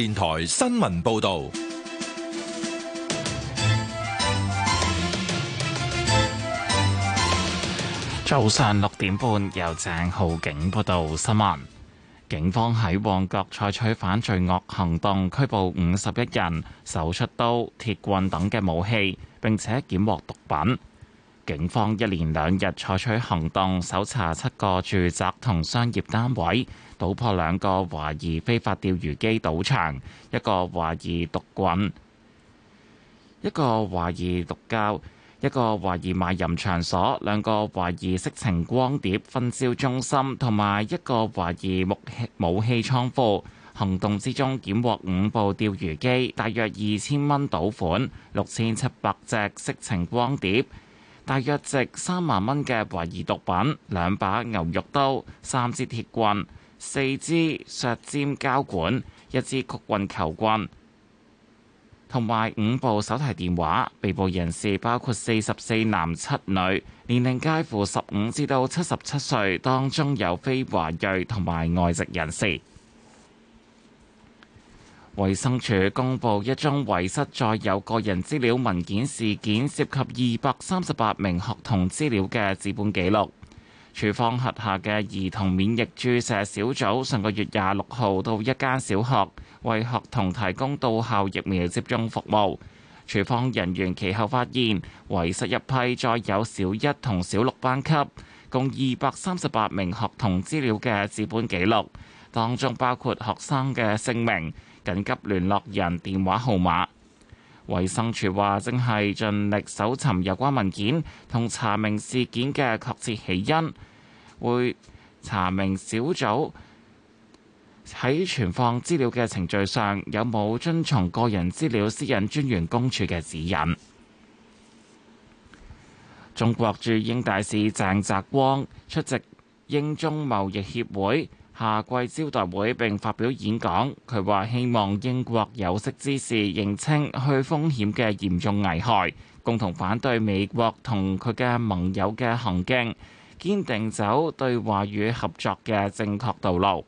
電台新聞報道：早上六點半，由鄭浩景報道新聞。警方喺旺角採取反罪惡行動，拘捕五十一人，搜出刀、鐵棍等嘅武器，並且檢獲毒品。警方一連兩日採取行動，搜查七個住宅同商業單位，搗破兩個懷疑非法釣魚機賭場，一個懷疑毒棍，一個懷疑毒膠，一個懷疑賣淫場所，兩個懷疑色情光碟分銷中心，同埋一個懷疑木器武器倉庫。行動之中，檢獲五部釣魚機，大約二千蚊賭款，六千七百隻色情光碟，大約值三萬蚊嘅懷疑毒品，兩把牛肉刀，三支鐵棍，四支削尖膠管，一支曲棍球棍，同埋五部手提電話，被捕人士包括四十四男七女，年齡介乎十五至到七十七歲，當中有非華裔同埋外籍人士。衛生署公布一宗遺失載有個人資料文件事件，涉及二百三十八名學童資料嘅紙本記錄。署方轄下嘅兒童免疫注射小組上個月廿六號到一間小學，為學童提供到校疫苗接種服務。署方人員其後發現，遺失一批載有小一同小六班級，共二百三十八名學童資料嘅紙本記錄，當中包括學生嘅姓名。緊急聯絡人電話號碼。衛生署話正係盡力搜尋有關文件，同查明事件嘅確切起因。會查明小組喺存放資料嘅程序上有冇遵從個人資料私隱專員公署嘅指引。中國駐英大使鄭澤光出席英中貿易協會夏季招待會並發表演講，佢話希望英國有識之士認清去風險嘅嚴重危害，共同反對美國同佢嘅盟友嘅行徑，堅定走對話與合作嘅正確道路。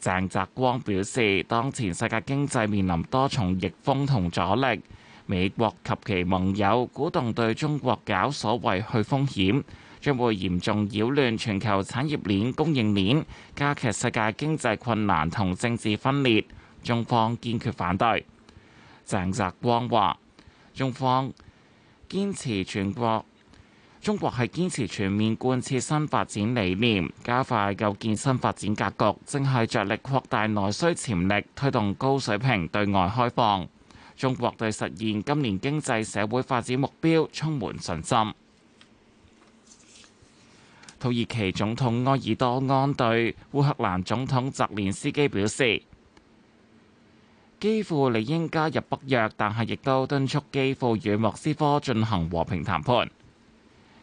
鄭澤光表示，當前世界經濟面臨多重逆風同阻力。美國及其盟友鼓動對中國搞所謂去風險，將會嚴重擾亂全球產業鏈供應鏈，加劇世界經濟困難同政治分裂。中方堅決反對。鄭澤光話：中方堅持全國，中國係堅持全面貫徹新發展理念，加快構建新發展格局，正係着力擴大內需潛力，推動高水平對外開放。中國對實現今年經濟社會發展目標充滿信心。土耳其總統埃爾多安對烏克蘭總統澤連斯基表示，基輔理應加入北約，但係亦都敦促基輔與莫斯科進行和平談判。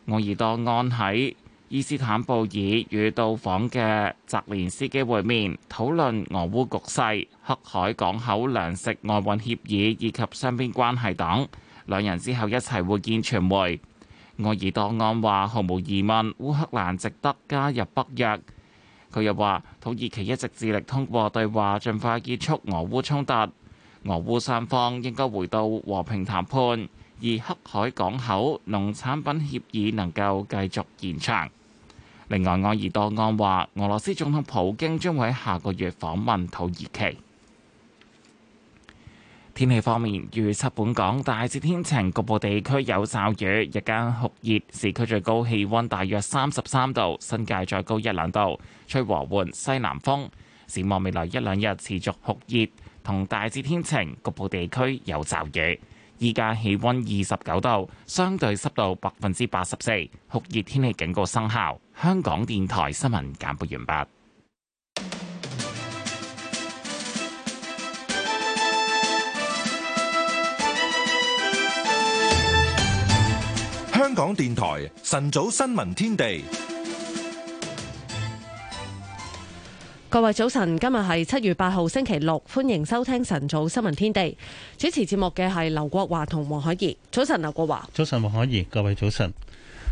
埃爾多安喺伊斯坦布爾與到訪嘅澤連斯基會面，討論俄烏局勢、黑海港口糧食外運協議以及雙邊關係等。兩人之後一齊會見傳媒。埃爾多安話，毫無疑問烏克蘭值得加入北約，佢又話土耳其一直致力通過對話盡快結束俄烏衝突。俄烏三方應該回到和平談判，而黑海港口農產品協議能夠繼續延長。另外，埃爾多安話，俄羅斯總統普京將會喺下個月訪問土耳其。天氣方面，預測本港大致天晴，局部地區有驟雨，日間酷熱，市區最高氣溫大約三十三度，新界再高一兩度，吹和緩西南風。展望未來一兩日持續酷熱同大致天晴，局部地區有驟雨。依家氣溫二十九度，相對濕度百分之八十四，酷熱天氣警告生效。香港電台新聞簡報完畢。香港電台晨早新聞天地。各位早晨，今日係七月八號星期六，歡迎收聽晨早新聞天地。主持節目嘅係劉國華同黃海怡。早晨，劉國華。早晨，黃海怡。各位早晨。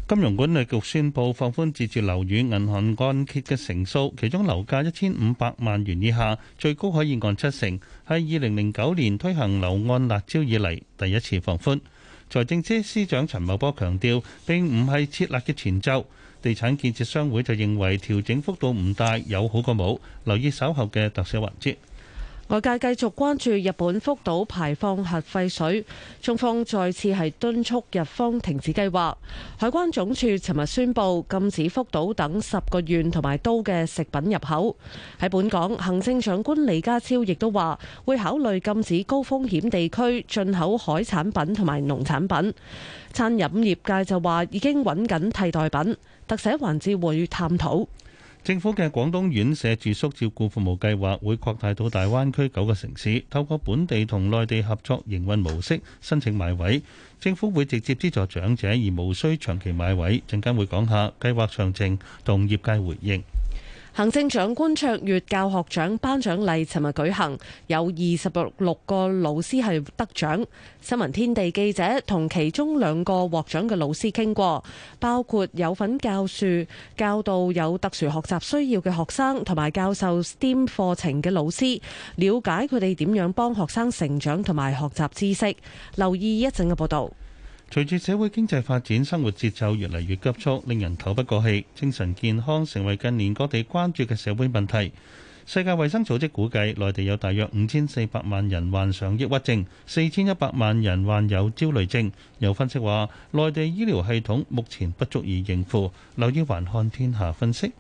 金融管理局宣布放寬自住樓宇銀行按揭嘅成數，其中樓價一千五百萬元以下，最高可以按七成。係二零零九年推行樓按辣招以嚟，第一次放寬。財政司司長陳茂波強調，並唔係設立嘅前奏。地產建設商會就認為調整幅度唔大，有好過冇，留意稍後嘅特色環節。外界繼續關注日本福島排放核廢水，中方再次係敦促日方停止計劃。海關總署尋日宣布禁止福島等十個縣同埋都嘅食品入口。喺本港，行政長官李家超亦都話會考慮禁止高風險地區進口海產品同埋農產品。餐飲業界就話已經揾緊替代品，特寫環節會探討。政府嘅廣東院舍住宿照顧服務計劃會擴大到大灣區九個城市，透過本地同內地合作營運模式申請買位，政府會直接資助長者而無需長期買位。陣間會講下計劃詳情同業界回應。行政長官卓越教學獎頒獎禮，尋日舉行，有二十六六個老師係得獎。新聞天地記者同其中兩個獲獎嘅老師傾過，包括有份教書，教導有特殊學習需要嘅學生，同埋教授 STEM 課程嘅老師，了解佢哋點樣幫學生成長同埋學習知識。留意一陣嘅報道。隨住社會經濟發展，生活節奏越嚟越急促，令人透不過氣，精神健康成為近年各地關注嘅社會問題。世界衛生組織估計，內地有大約五千四百萬人患上抑鬱症，四千一百萬人患有焦慮症。有分析話，內地醫療系統目前不足以應付。留意環看天下分析，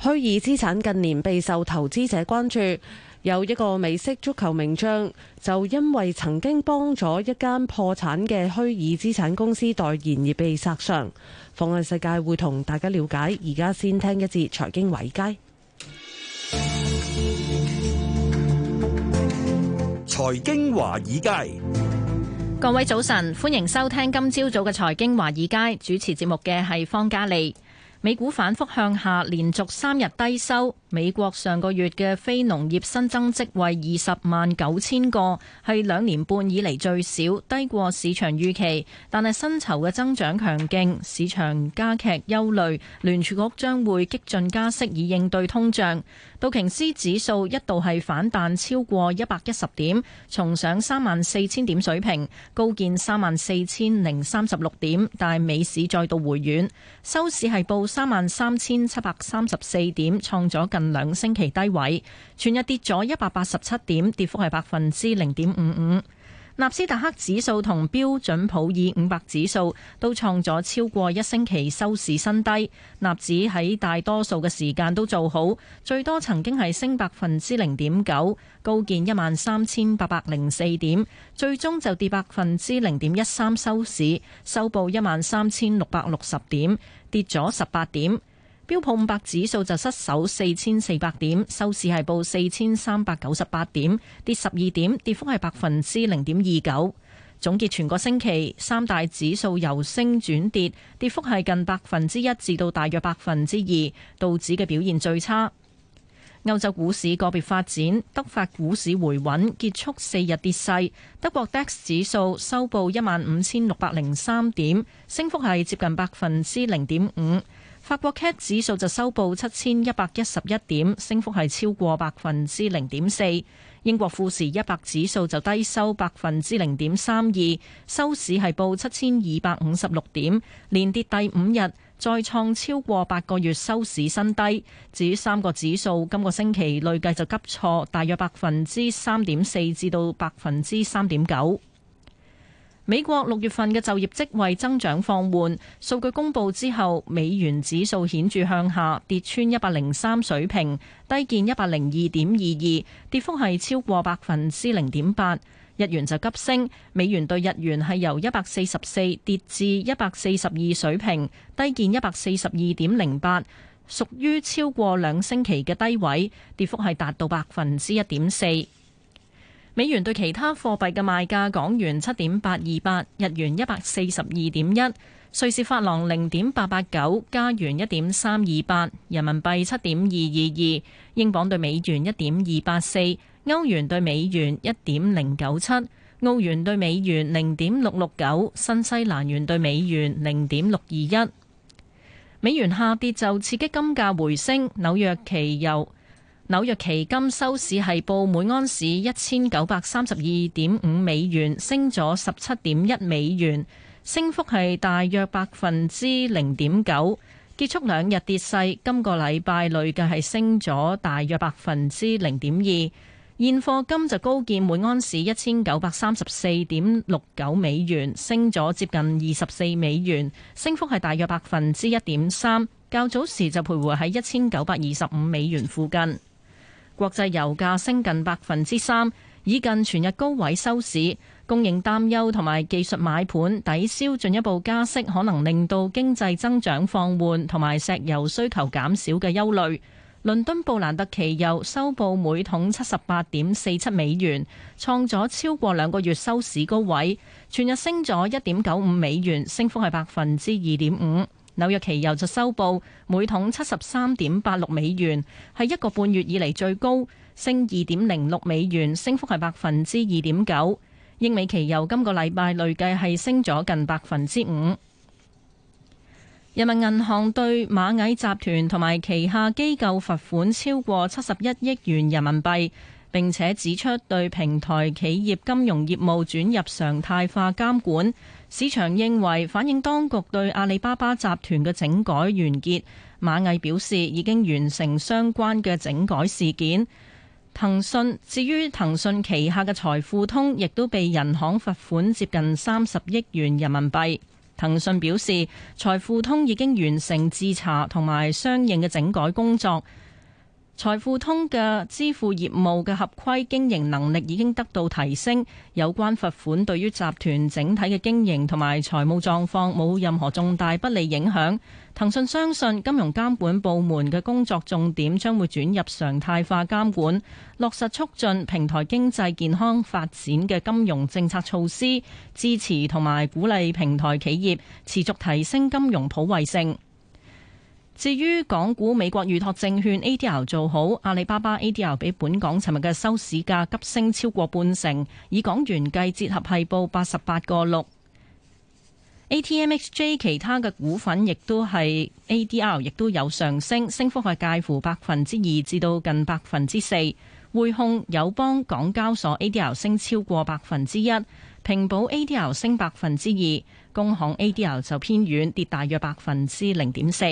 虛擬資產近年備受投資者關注。有一個美式足球名將，就因為曾經幫咗一間破產嘅虛擬資產公司代言而被索償。放眼世界會同大家了解，而家先聽一節財經華爾街。財經華爾街，各位早晨，歡迎收聽今朝早嘅財經華爾街，主持節目嘅係方嘉利。美股反覆向下，連續三日低收。美國上個月嘅非農業新增職位二十萬九千個，係兩年半以嚟最少，低過市場預期。但係薪酬嘅增長強勁，市場加劇憂慮，聯儲局將會激進加息以應對通脹。道瓊斯指數一度係反彈超過一百一十點，重上三萬四千點水平，高見三萬四千零三十六點，但美市再度回軟。收市係報三萬三千七百三十四點，創咗近兩星期低位。全日跌咗一百八十七點，跌幅係百分之零點五五。納斯達克指數同標準普爾五百指數都創咗超過一星期收市新低。納指喺大多數嘅時間都做好，最多曾經係升百分之零點九，高見一萬三千八百零四點，最終就跌百分之零點一三收市，收報一萬三千六百六十點，跌咗十八點。標普五百指數就失守四千四百點，收市係報四千三百九十八點，跌十二點，跌幅係百分之零點二九。總結全個星期，三大指數由升轉跌，跌幅係近百分之一至到大約百分之二，道指嘅表現最差。歐洲股市個別發展，德法股市回穩，結束四日跌勢。德國 DAX 指數收報一萬五千六百零三點，升幅係接近百分之零點五。法國 CAC 指數就收報七千一百一十一點，升幅係超過百分之零點四。英國富時一百指數就低收百分之零點三二，收市係報七千二百五十六點，連跌第五日，再創超過八個月收市新低。至於三個指數，今個星期累計就急挫大約百分之三點四至到百分之三點九。美國六月份嘅就業職位增長放緩，數據公佈之後，美元指數顯著向下，跌穿一百零三水平，低見一百零二點二二，跌幅係超過百分之零點八。日元就急升，美元對日元係由一百四十四跌至一百四十二水平，低見一百四十二點零八，屬於超過兩星期嘅低位，跌幅係達到百分之一點四。美元對其他貨幣嘅賣價：港元七點八二八，日元一百四十二點一，瑞士法郎零點八八九，加元一點三二八，人民幣七點二二二，英鎊對美元一點二八四，歐元對美元一點零九七，澳元對美元零點六六九，新西蘭元對美元零點六二一。美元下跌就刺激金價回升，紐約期油。紐約期金收市係報每安士一千九百三十二點五美元，升咗十七點一美元，升幅係大約百分之零點九。結束兩日跌勢，今個禮拜累計係升咗大約百分之零點二。現貨金就高見每安士一千九百三十四點六九美元，升咗接近二十四美元，升幅係大約百分之一點三。較早時就徘徊喺一千九百二十五美元附近。國際油價升近百分之三，以近全日高位收市。供應擔憂同埋技術買盤抵消，進一步加息可能令到經濟增長放緩同埋石油需求減少嘅憂慮。倫敦布蘭特期油收報每桶七十八點四七美元，創咗超過兩個月收市高位。全日升咗一點九五美元，升幅係百分之二點五。紐約期油就收報每桶七十三點八六美元，係一個半月以嚟最高，升二點零六美元，升幅係百分之二點九。英美期油今個禮拜累計係升咗近百分之五。人民銀行對螞蟻集團同埋旗下機構罰款超過七十一億元人民幣，並且指出對平台企業金融業務轉入常態化監管。市場認為反映當局對阿里巴巴集團嘅整改完結。螞蟻表示已經完成相關嘅整改事件。騰訊，至於騰訊旗下嘅財富通，亦都被人行罰款接近三十億元人民幣。騰訊表示財富通已經完成自查同埋相應嘅整改工作。財富通嘅支付業務嘅合規經營能力已經得到提升，有關罰款對於集團整體嘅經營同埋財務狀況冇任何重大不利影響。騰訊相信金融監管部門嘅工作重點將會轉入常態化監管，落實促進平台經濟健康發展嘅金融政策措施，支持同埋鼓勵平台企業持續提升金融普惠性。至於港股，美國預託證券 A.D.R. 做好，阿里巴巴 A.D.R. 比本港尋日嘅收市價急升超過半成，以港元計折合係報八十八個六。A.T.M.X.J. 其他嘅股份亦都係 A.D.R.，亦都有上升，升幅係介乎百分之二至到近百分之四。匯控友邦港交所 A.D.R. 升超過百分之一，平保 A.D.R. 升百分之二，工行 A.D.R. 就偏軟跌，大約百分之零點四。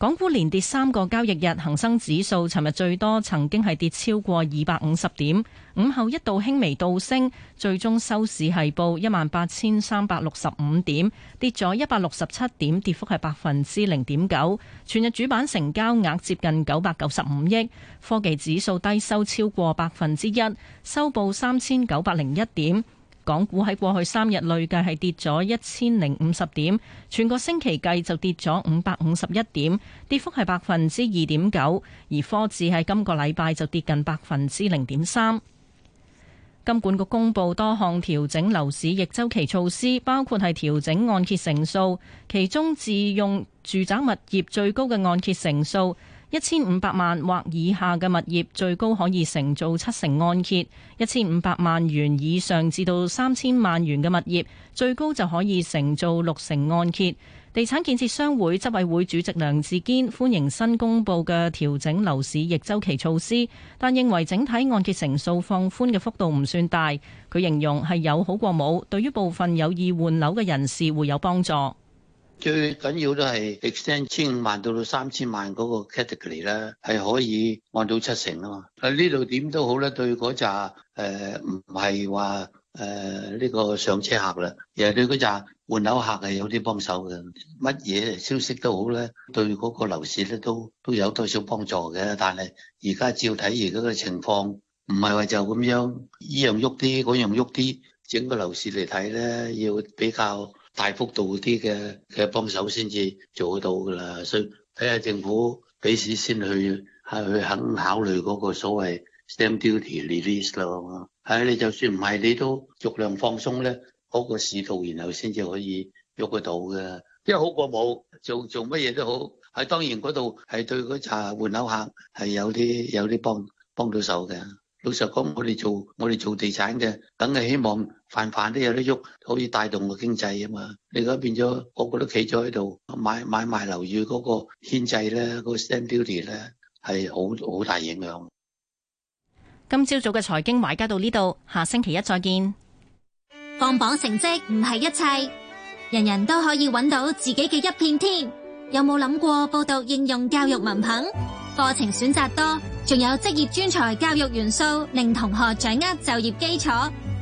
港股連跌三個交易日，恒生指數尋日最多曾經係跌超過二百五十點，午後一度輕微倒升，最終收市係報一萬八千三百六十五點，跌咗一百六十七點，跌幅係百分之零點九。全日主板成交額接近九百九十五億，科技指數低收超過百分之一，收報三千九百零一點。港股喺過去三日累計係跌咗一千零五十點，全個星期計就跌咗五百五十一點，跌幅係百分之二點九。而科指喺今個禮拜就跌近百分之零點三。金管局公布多項調整樓市逆周期措施，包括係調整按揭成數，其中自用住宅物業最高嘅按揭成數。一千五百萬或以下嘅物業，最高可以承做七成按揭；一千五百萬元以上至到三千萬元嘅物業，最高就可以承做六成按揭。地產建設商會執委會主席梁志堅歡迎新公布嘅調整樓市逆周期措施，但認為整體按揭成數放寬嘅幅度唔算大。佢形容係有好過冇，對於部分有意換樓嘅人士會有幫助。最緊要都係 extend 千五萬到到三千萬嗰個 category 咧，係可以按到七成啊嘛。啊呢度點都好咧，對嗰扎誒唔係話誒呢個上車客啦，而係對嗰紮換樓客係有啲幫手嘅。乜嘢消息都好咧，對嗰個樓市咧都都有多少幫助嘅。但係而家照睇而家嘅情況，唔係話就咁樣依樣喐啲，嗰樣喐啲，整個樓市嚟睇咧，要比較大幅度啲嘅嘅幫手先至做得到噶啦，所以睇下政府幾時先去係去肯考慮嗰個所謂 stamp duty release 咯。係、哎、你就算唔係，你都逐量放鬆咧，嗰個市道然後先至可以喐得到嘅，因為好過冇做做乜嘢都好。係當然嗰度係對嗰扎換樓客係有啲有啲幫幫到手嘅。老實講，我哋做我哋做地產嘅，梗係希望。泛泛都有得喐，可以帶動個經濟啊嘛。你而家變咗，個個都企咗喺度買買賣樓宇嗰個牽制咧，嗰個 stamp duty 咧係好好大影響。今朝早嘅財經話家到呢度，下星期一再見。放榜成績唔係一切，人人都可以揾到自己嘅一片天。有冇諗過報讀應用教育文憑？課程選擇多，仲有職業專才教育元素，令同學掌握就業基礎。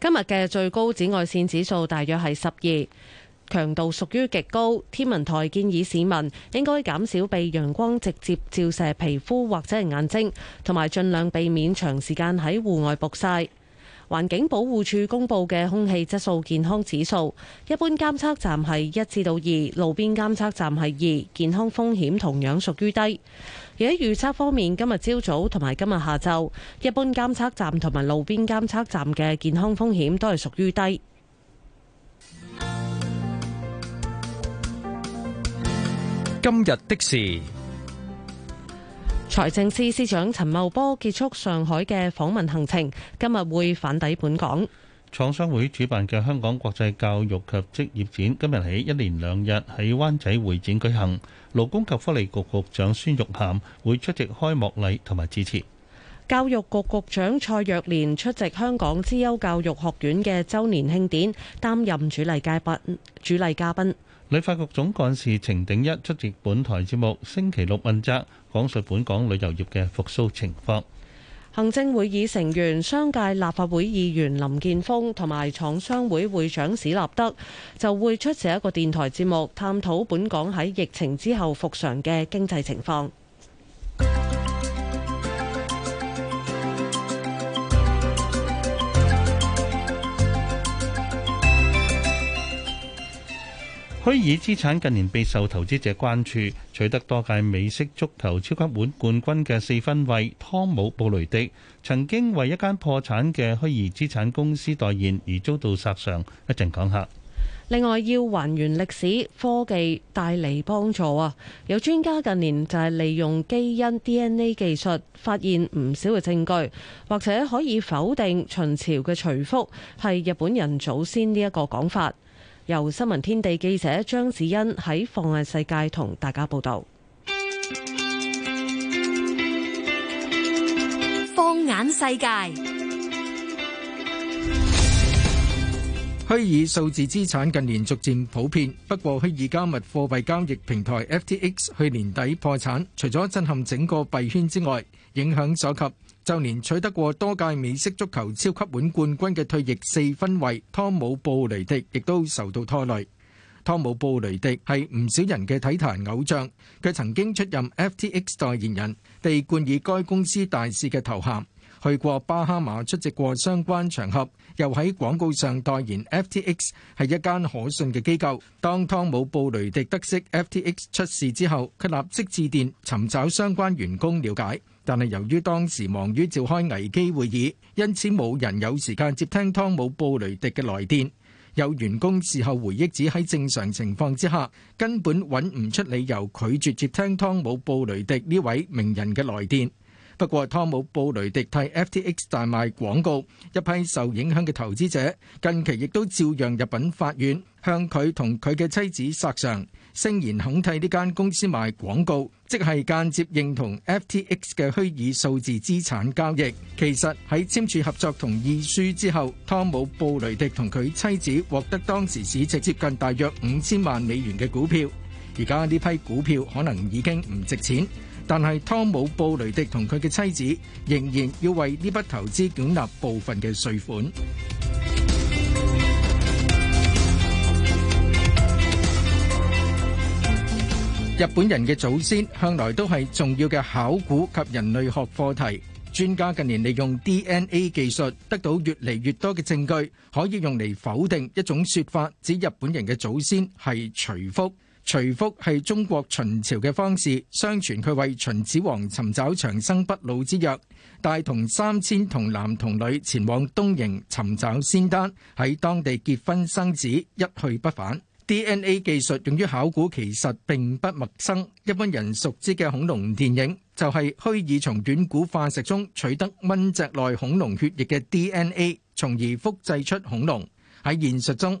今日嘅最高紫外線指數大約係十二，強度屬於極高。天文台建議市民應該減少被陽光直接照射皮膚或者係眼睛，同埋盡量避免長時間喺戶外曝曬。環境保護署公布嘅空氣質素健康指數，一般監測站係一至到二，路邊監測站係二，健康風險同樣屬於低。而喺預測方面，今日朝早同埋今日下晝，一般監測站同埋路邊監測站嘅健康風險都係屬於低。今日的事，財政司司長陳茂波結束上海嘅訪問行程，今日會返抵本港。廠商會主辦嘅香港國際教育及職業展今日起一連兩日喺灣仔會展舉行，勞工及福利局局、局長孫玉菡會出席開幕禮同埋致辭。教育局局長蔡若蓮出席香港資優教育學院嘅周年慶典，擔任主主禮嘉賓。旅發局總幹事程鼎一出席本台節目星期六問責，講述本港旅遊業嘅復甦情況。行政會議成員、商界立法會議員林建峰同埋廠商會會長史立德就會出席一個電台節目，探討本港喺疫情之後復常嘅經濟情況。虛擬資產近年備受投資者關注，取得多屆美式足球超級碗冠軍嘅四分衛湯姆布雷迪，曾經為一間破產嘅虛擬資產公司代言而遭到殺傷，講一陣講下。另外，要還原歷史，科技帶嚟幫助啊！有專家近年就係利用基因 DNA 技術，發現唔少嘅證據，或者可以否定秦朝嘅徐福係日本人祖先呢一個講法。由新聞天地記者張子欣喺放眼世界同大家報道。放眼世界，虛擬數字資產近年逐漸普遍。不過，虛擬加密貨幣交易平台 FTX 去年底破產，除咗震撼整個幣圈之外，影響所及，就連取得過多屆美式足球超級碗冠軍嘅退役四分衛湯姆布雷迪，亦都受到拖累。湯姆布雷迪係唔少人嘅體壇偶像，佢曾經出任 F T X 代言人，被冠以該公司大使嘅頭銜。去過巴哈馬出席過相關場合，又喺廣告上代言 FTX，係一間可信嘅機構。當湯姆布雷迪得悉 FTX 出事之後，佢立即致電尋找相關員工了解，但係由於當時忙於召開危機會議，因此冇人有時間接聽湯姆布雷迪嘅來電。有員工事後回憶，指喺正常情況之下，根本揾唔出理由拒絕接聽湯姆布雷迪呢位名人嘅來電。不過，湯姆布雷迪替 FTX 大賣廣告，一批受影響嘅投資者近期亦都照樣入禀法院，向佢同佢嘅妻子索償，聲言肯替呢間公司賣廣告，即係間接認同 FTX 嘅虛擬數字資產交易。其實喺簽署合作同意書之後，湯姆布雷迪同佢妻子獲得當時市值接近，近大約五千萬美元嘅股票，而家呢批股票可能已經唔值錢。但係湯姆布雷迪同佢嘅妻子仍然要為呢筆投資繳納部分嘅稅款。日本人嘅祖先向來都係重要嘅考古及人類學課題。專家近年利用 DNA 技術得到越嚟越多嘅證據，可以用嚟否定一種說法，指日本人嘅祖先係徐福。徐福係中國秦朝嘅方士，相傳佢為秦始皇尋找長生不老之藥，帶同三千童男童女前往東瀛尋找仙丹，喺當地結婚生子，一去不返。DNA 技術用於考古其實並不陌生，一般人熟知嘅恐龍電影就係虛擬從遠古化石中取得蚊隻內恐龍血液嘅 DNA，從而複製出恐龍。喺現實中，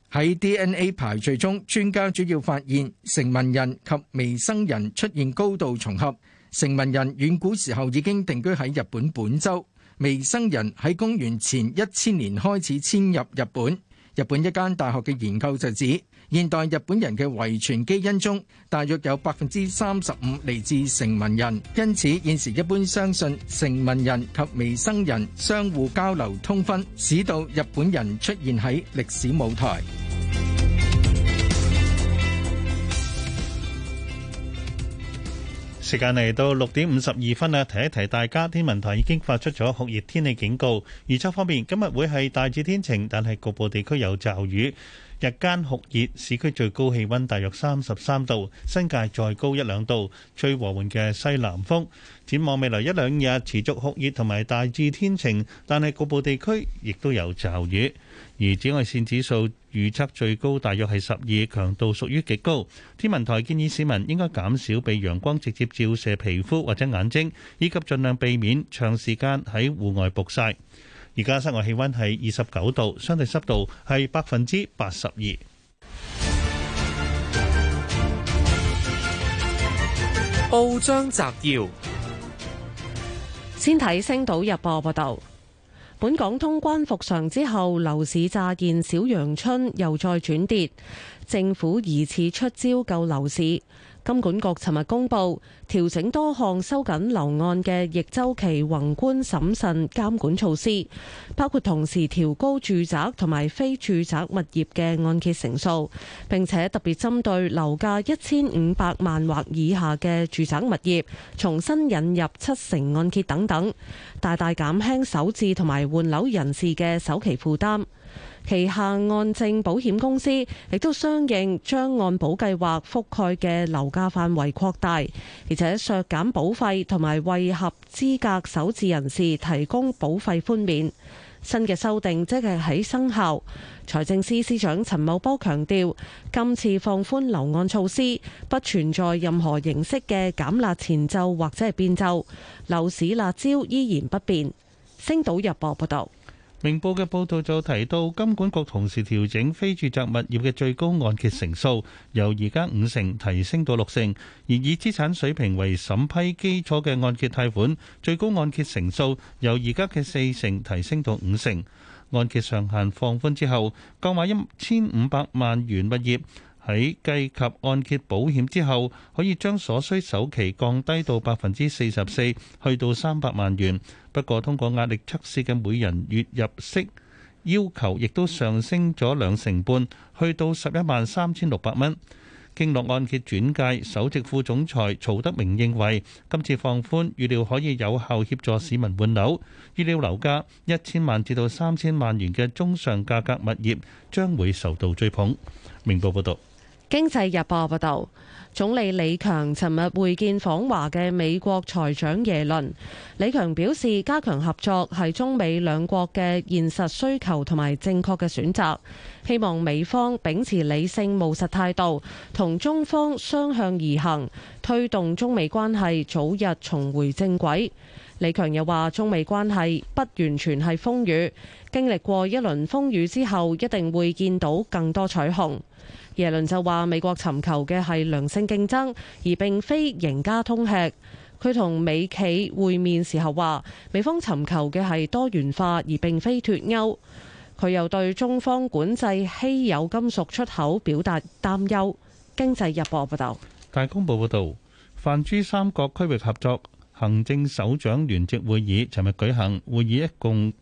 喺 DNA 排序中，專家主要發現繩文人及彌生人出現高度重合。繩文人遠古時候已經定居喺日本本州，彌生人喺公元前一千年開始遷入日本。日本一間大學嘅研究就指，現代日本人嘅遺傳基因中，大約有百分之三十五嚟自繩文人。因此，現時一般相信繩文人及彌生人相互交流通婚，使到日本人出現喺歷史舞台。時間嚟到六點五十二分啦，提一提大家，天文台已經發出咗酷熱天氣警告。預測方面，今日會係大致天晴，但係局部地區有驟雨。日間酷熱，市區最高氣溫大約三十三度，新界再高一兩度。吹和緩嘅西南風。展望未來一兩日，持續酷熱同埋大致天晴，但係局部地區亦都有驟雨。而紫外線指數。預測最高大約係十二，強度屬於極高。天文台建議市民應該減少被陽光直接照射皮膚或者眼睛，以及盡量避免長時間喺戶外曝曬。而家室外氣溫係二十九度，相對濕度係百分之八十二。報章摘要，先睇《星島日報》報道。本港通關復常之後，樓市乍現小陽春，又再轉跌，政府疑似出招救樓市。金管局尋日公布調整多項收緊樓按嘅逆周期宏觀審慎監，監管措施，包括同時調高住宅同埋非住宅物業嘅按揭成數，並且特別針對樓價一千五百萬或以下嘅住宅物業，重新引入七成按揭等等，大大減輕首置同埋換樓人士嘅首期負擔。旗下按證保險公司亦都相應將按保計劃覆蓋嘅樓價範圍擴大，而且削減保費，同埋為合資格首置人士提供保費寬免。新嘅修訂即係喺生效。財政司司長陳茂波強調，今次放寬樓按措施不存在任何形式嘅減辣前奏或者係變奏，樓市辣招依然不變。星島日報報道。明報嘅報道就提到，金管局同時調整非住宅物業嘅最高按揭成數，由而家五成提升到六成；而以資產水平為審批基礎嘅按揭貸款，最高按揭成數由而家嘅四成提升到五成。按揭上限放寬之後，購買一千五百萬元物業，喺計及按揭保險之後，可以將所需首期降低到百分之四十四，去到三百萬元。不過，通過壓力測試嘅每人月入息要求亦都上升咗兩成半，去到十一萬三千六百蚊。經絡按揭轉介首席副總裁曹德明認為，今次放寬預料可以有效協助市民換樓，預料樓價一千萬至到三千萬元嘅中上價格物業將會受到追捧。明報報道。經濟日報報道，總理李強尋日會見訪華嘅美國財長耶倫。李強表示，加強合作係中美兩國嘅現實需求同埋正確嘅選擇，希望美方秉持理性務實態度，同中方相向而行，推動中美關係早日重回正軌。李強又話，中美關係不完全係風雨，經歷過一輪風雨之後，一定會見到更多彩虹。耶倫就話，美國尋求嘅係良性競爭，而並非贏家通吃。佢同美企會面時候話，美方尋求嘅係多元化，而並非脱歐。佢又對中方管制稀有金屬出口表達擔憂。經濟日報報道，大公報報道，泛珠三角區域合作行政首長聯席會議尋日舉行，會議一共，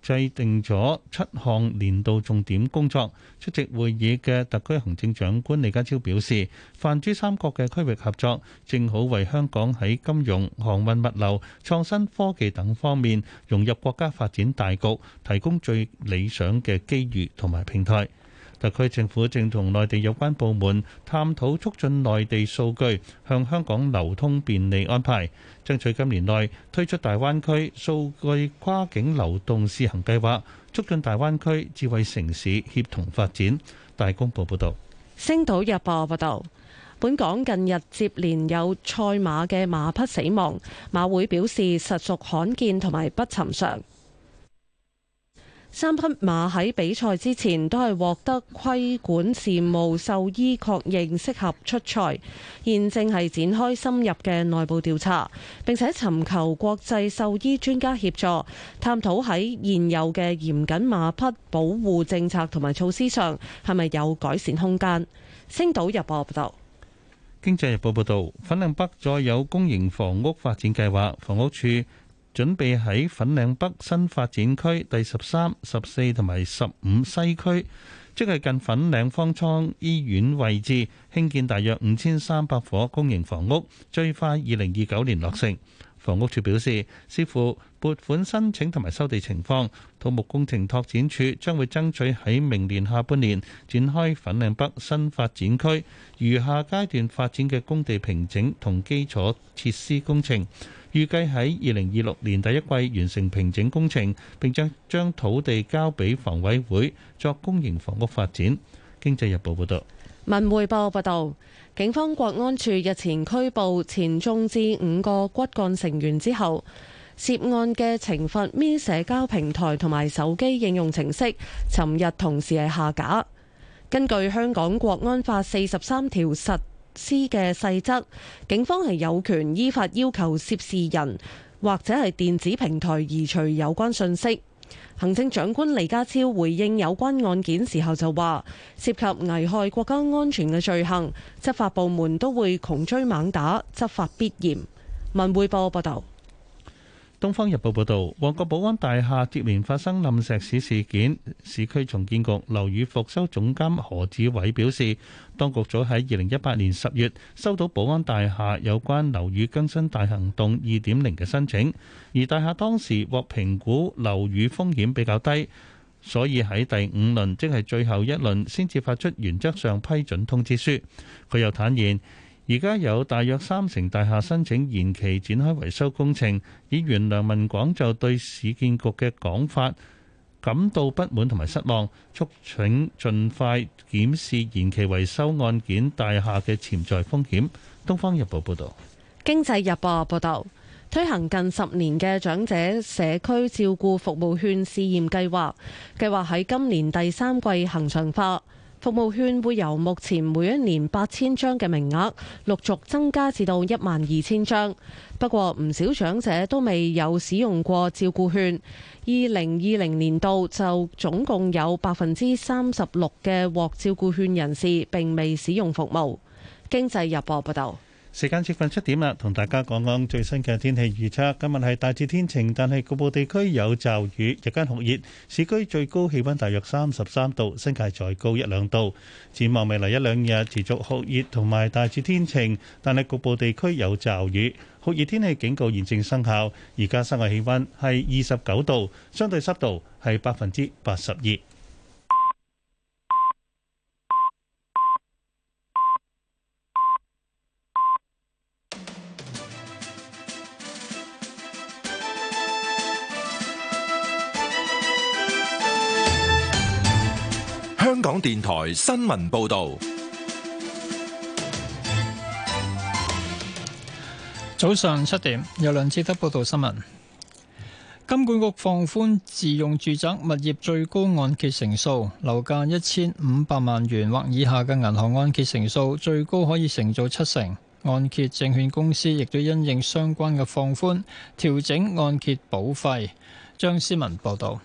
制定咗七項年度重點工作。出席會議嘅特區行政長官李家超表示，泛珠三角嘅區域合作正好為香港喺金融、航運、物流、創新科技等方面融入國家發展大局，提供最理想嘅機遇同埋平台。特區政府正同內地有關部門探討促進內地數據向香港流通便利安排，爭取今年內推出大灣區數據跨境流動試行計劃，促進大灣區智慧城市協同發展。大公報報道。星島日報報道，本港近日接連有賽馬嘅馬匹死亡，馬會表示實屬罕見同埋不尋常。三匹馬喺比賽之前都係獲得規管事務獸醫確認適合出賽，現正係展開深入嘅內部調查，並且尋求國際獸醫專家協助，探討喺現有嘅嚴謹馬匹保護政策同埋措施上係咪有改善空間。星島日報報道。經濟日報報道，粉嶺北再有公營房屋發展計劃，房屋處，準備喺粉嶺北新發展區第十三、十四同埋十五西區，即係近粉嶺方艙醫院位置，興建大約五千三百伙公營房屋，最快二零二九年落成。房屋署表示，視乎撥款申請同埋收地情況，土木工程拓展署將會爭取喺明年下半年展開粉嶺北新發展區餘下階段發展嘅工地平整同基礎設施工程。預計喺二零二六年第一季完成平整工程，並將將土地交俾房委會作公營房屋發展。經濟日報報道。文匯報報道，警方國安處日前拘捕前中至五個骨幹成員之後，涉案嘅懲罰咪社交平台同埋手機應用程式，尋日同時係下架。根據香港國安法四十三條實私嘅細則，警方係有權依法要求涉事人或者係電子平台移除有關信息。行政長官李家超回應有關案件時候就話，涉及危害國家安全嘅罪行，執法部門都會窮追猛打，執法必嚴。文匯報報道。《東方日報》報導，旺角保安大廈接連發生冧石屎事件，市區重建局樓宇復修總監何志偉表示，當局早喺二零一八年十月收到保安大廈有關樓宇更新大行動二點零嘅申請，而大廈當時獲評估樓宇風險比較低，所以喺第五輪即係、就是、最後一輪先至發出原則上批准通知書。佢又坦言。而家有大約三成大廈申請延期展開維修工程，議員梁文廣就對市建局嘅講法感到不滿同埋失望，促請盡快檢視延期維修案件大廈嘅潛在風險。《東方日報》報導，《經濟日報》報導，推行近十年嘅長者社區照顧服務券試驗計劃，計劃喺今年第三季恒常化。服務券會由目前每一年八千張嘅名額，陸續增加至到一萬二千張。不過唔少長者都未有使用過照顧券。二零二零年度就總共有百分之三十六嘅獲照顧券人士並未使用服務。經濟日報報道。時間接近七點啦，同大家講講最新嘅天氣預測。今日係大致天晴，但係局部地區有驟雨。日間酷熱，市區最高氣温大約三十三度，新界再高一兩度。展望未來一兩日持續酷熱同埋大致天晴，但係局部地區有驟雨。酷熱天氣警告現正生效。而家室外氣温係二十九度，相對濕度係百分之八十二。香港電台新聞報道，早上七點有梁志德報道新聞。金管局放寬自用住宅物業最高按揭成數，樓價一千五百萬元或以下嘅銀行按揭成數最高可以承做七成。按揭證券公司亦都因應相關嘅放寬，調整按揭保費。張思文報道。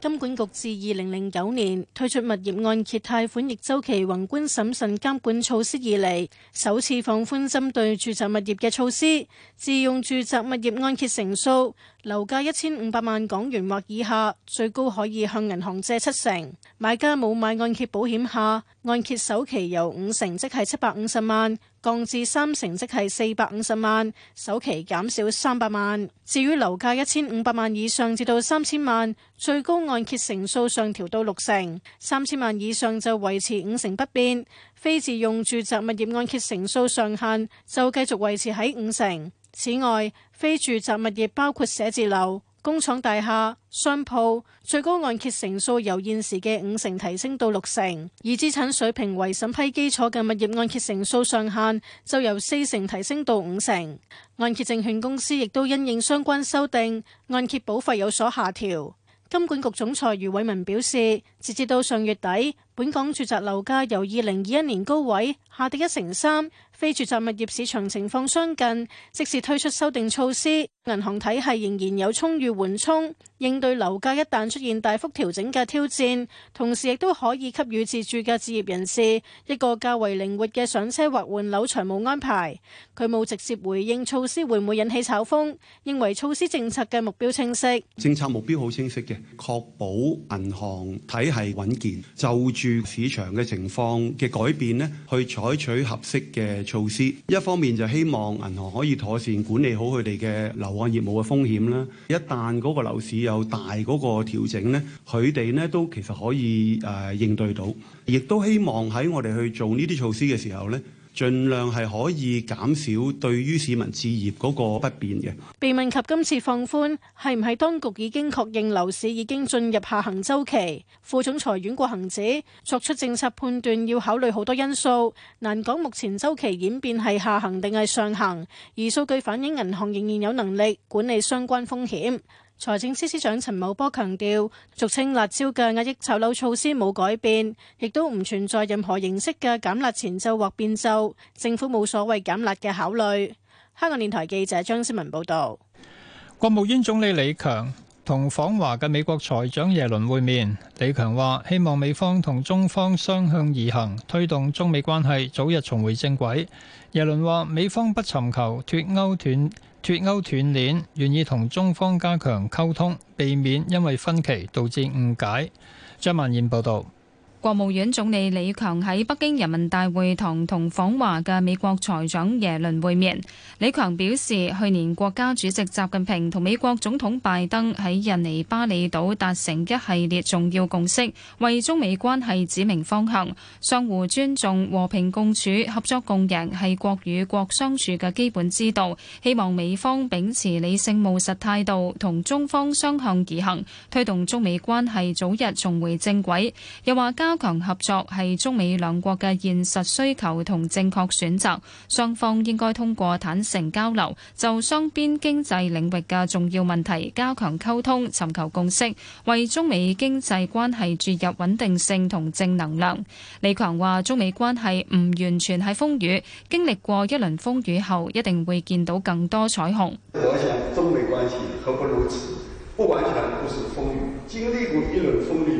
金管局自二零零九年推出物業按揭貸款逆周期宏觀審慎監管措施以嚟，首次放寬針對住宅物業嘅措施，自用住宅物業按揭成數樓價一千五百萬港元或以下，最高可以向銀行借七成，買家冇買按揭保險下，按揭首期由五成即係七百五十萬，降至三成，即係四百五十萬，首期減少三百萬。至於樓價一千五百萬以上至到三千萬，最高按揭成數上調到六成；三千萬以上就維持五成不變。非自用住宅物業按揭成數上限就繼續維持喺五成。此外，非住宅物業包括寫字樓。工廠大廈、商鋪最高按揭成數由現時嘅五成提升到六成，以資產水平為審批基礎嘅物業按揭成數上限就由四成提升到五成。按揭證券公司亦都因應相關修訂，按揭保費有所下調。金管局總裁余偉文表示，截至到上月底，本港住宅樓價由二零二一年高位下跌一成三，非住宅物業市場情況相近，即時推出修訂措施。銀行體系仍然有充裕緩衝，應對樓價一旦出現大幅調整嘅挑戰。同時亦都可以給予自住嘅置業人士一個較為靈活嘅上車或換樓財務安排。佢冇直接回應措施會唔會引起炒風，認為措施政策嘅目標清晰，政策目標好清晰嘅，確保銀行體系穩健，就住市場嘅情況嘅改變咧，去採取合適嘅措施。一方面就希望銀行可以妥善管理好佢哋嘅樓。按業務嘅風險啦，一旦嗰個樓市有大嗰個調整咧，佢哋咧都其實可以誒、呃、應對到，亦都希望喺我哋去做呢啲措施嘅時候咧。儘量係可以減少對於市民置業嗰個不便嘅。被問及今次放寬係唔係當局已經確認樓市已經進入下行周期，副總裁阮國恒指作出政策判斷要考慮好多因素，難講目前週期演變係下行定係上行，而數據反映銀行仍然有能力管理相關風險。財政司司長陳茂波強調，俗稱辣招嘅壓抑炒樓措施冇改變，亦都唔存在任何形式嘅減辣前奏或變奏，政府冇所謂減辣嘅考慮。香港電台記者張思文報道，國務院總理李強同訪華嘅美國財長耶倫會面，李強話希望美方同中方雙向而行，推動中美關係早日重回正軌。耶倫話美方不尋求脱歐斷。脱歐斷鏈，願意同中方加強溝通，避免因為分歧導致誤解。張曼燕報導。國務院總理李強喺北京人民大會堂同訪華嘅美國財長耶倫會面。李強表示，去年國家主席習近平同美國總統拜登喺印尼巴厘島達成一系列重要共識，為中美關係指明方向。相互尊重、和平共處、合作共贏係國與國相處嘅基本之道。希望美方秉持理性務實態度，同中方雙向而行，推動中美關係早日重回正軌。又話加。加強合作係中美兩國嘅現實需求同正確選擇，雙方應該通過坦誠交流，就雙邊經濟領域嘅重要問題加強溝通，尋求共識，為中美經濟關係注入穩定性同正能量。李強話：中美關係唔完全係風雨，經歷過一輪風雨後，一定會見到更多彩虹。我想中美關係何不如此？不完全不是風雨，經歷過一輪風雨。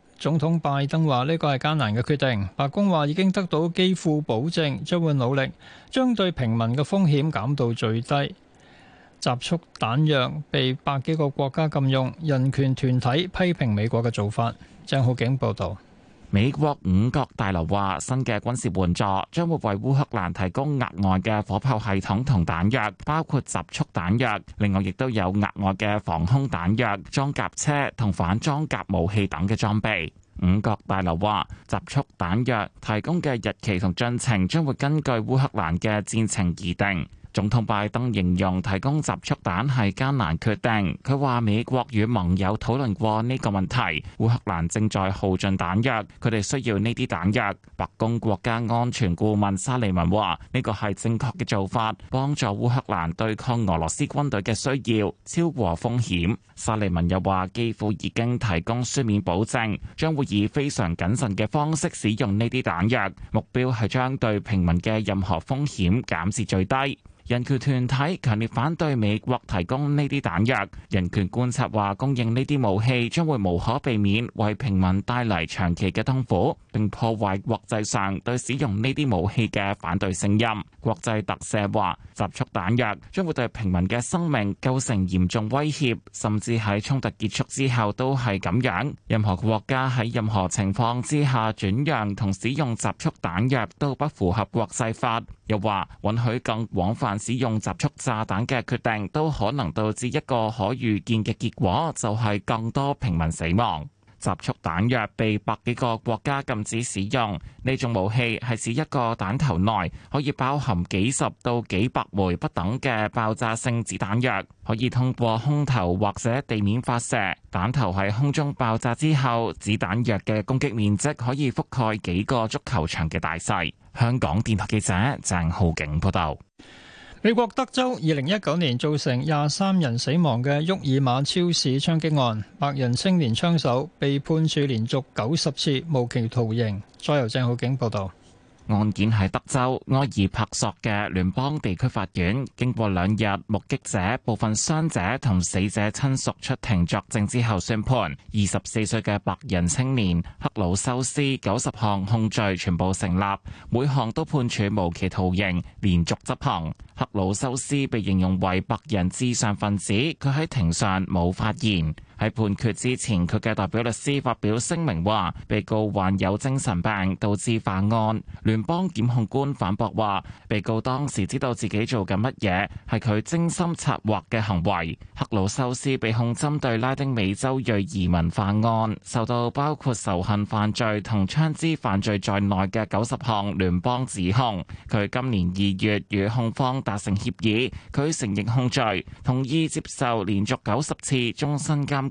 總統拜登話：呢個係艱難嘅決定。白宮話已經得到幾乎保證，將會努力將對平民嘅風險減到最低。集束彈藥被百幾個國家禁用，人權團體批評美國嘅做法。張浩景報導。美國五角大樓話，新嘅軍事援助將會為烏克蘭提供額外嘅火炮系統同彈藥，包括集束彈藥，另外亦都有額外嘅防空彈藥、裝甲車同反裝甲武器等嘅裝備。五角大樓話，集束彈藥提供嘅日期同進程將會根據烏克蘭嘅戰情而定。總統拜登形容提供集束彈係艱難決定。佢話美國與盟友討論過呢個問題。烏克蘭正在耗盡彈藥，佢哋需要呢啲彈藥。白宮國家安全顧問沙利文話呢個係正確嘅做法，幫助烏克蘭對抗俄羅斯軍隊嘅需要，超過風險。沙利文又話幾乎已經提供書面保證，將會以非常謹慎嘅方式使用呢啲彈藥，目標係將對平民嘅任何風險減至最低。人權團體強烈反對美國提供呢啲彈藥。人權觀察話，供應呢啲武器將會無可避免為平民帶嚟長期嘅痛苦，並破壞國際上對使用呢啲武器嘅反對聲音。國際特赦話，集束彈藥將會對平民嘅生命構成嚴重威脅，甚至喺衝突結束之後都係咁樣。任何國家喺任何情況之下轉讓同使用集束彈藥都不符合國際法。又話，允許更廣泛使用集束炸彈嘅決定，都可能導致一個可預見嘅結果，就係、是、更多平民死亡。集束彈藥被百幾個國家禁止使用。呢種武器係指一個彈頭內可以包含幾十到幾百枚不等嘅爆炸性子彈藥，可以通過空投或者地面發射。彈頭喺空中爆炸之後，子彈藥嘅攻擊面積可以覆蓋幾個足球場嘅大細。香港電台記者鄭浩景報道。美國德州二零一九年造成廿三人死亡嘅沃爾瑪超市槍擊案，白人青年槍手被判處連續九十次無期徒刑。再由鄭浩景報道。案件喺德州埃爾帕索嘅聯邦地區法院，經過兩日目擊者、部分傷者同死者親屬出庭作證之後宣判，二十四歲嘅白人青年克魯修斯九十項控罪全部成立，每項都判處無期徒刑，連續執行。克魯修斯被形容為白人至上分子，佢喺庭上冇發言。喺判決之前，佢嘅代表律師發表聲明話：被告患有精神病，導致犯案。聯邦檢控官反駁話：被告當時知道自己做緊乜嘢，係佢精心策劃嘅行為。克魯修斯被控針對拉丁美洲裔移民犯案，受到包括仇恨犯罪同槍支犯罪在內嘅九十項聯邦指控。佢今年二月與控方達成協議，佢承認控罪，同意接受連續九十次終身監。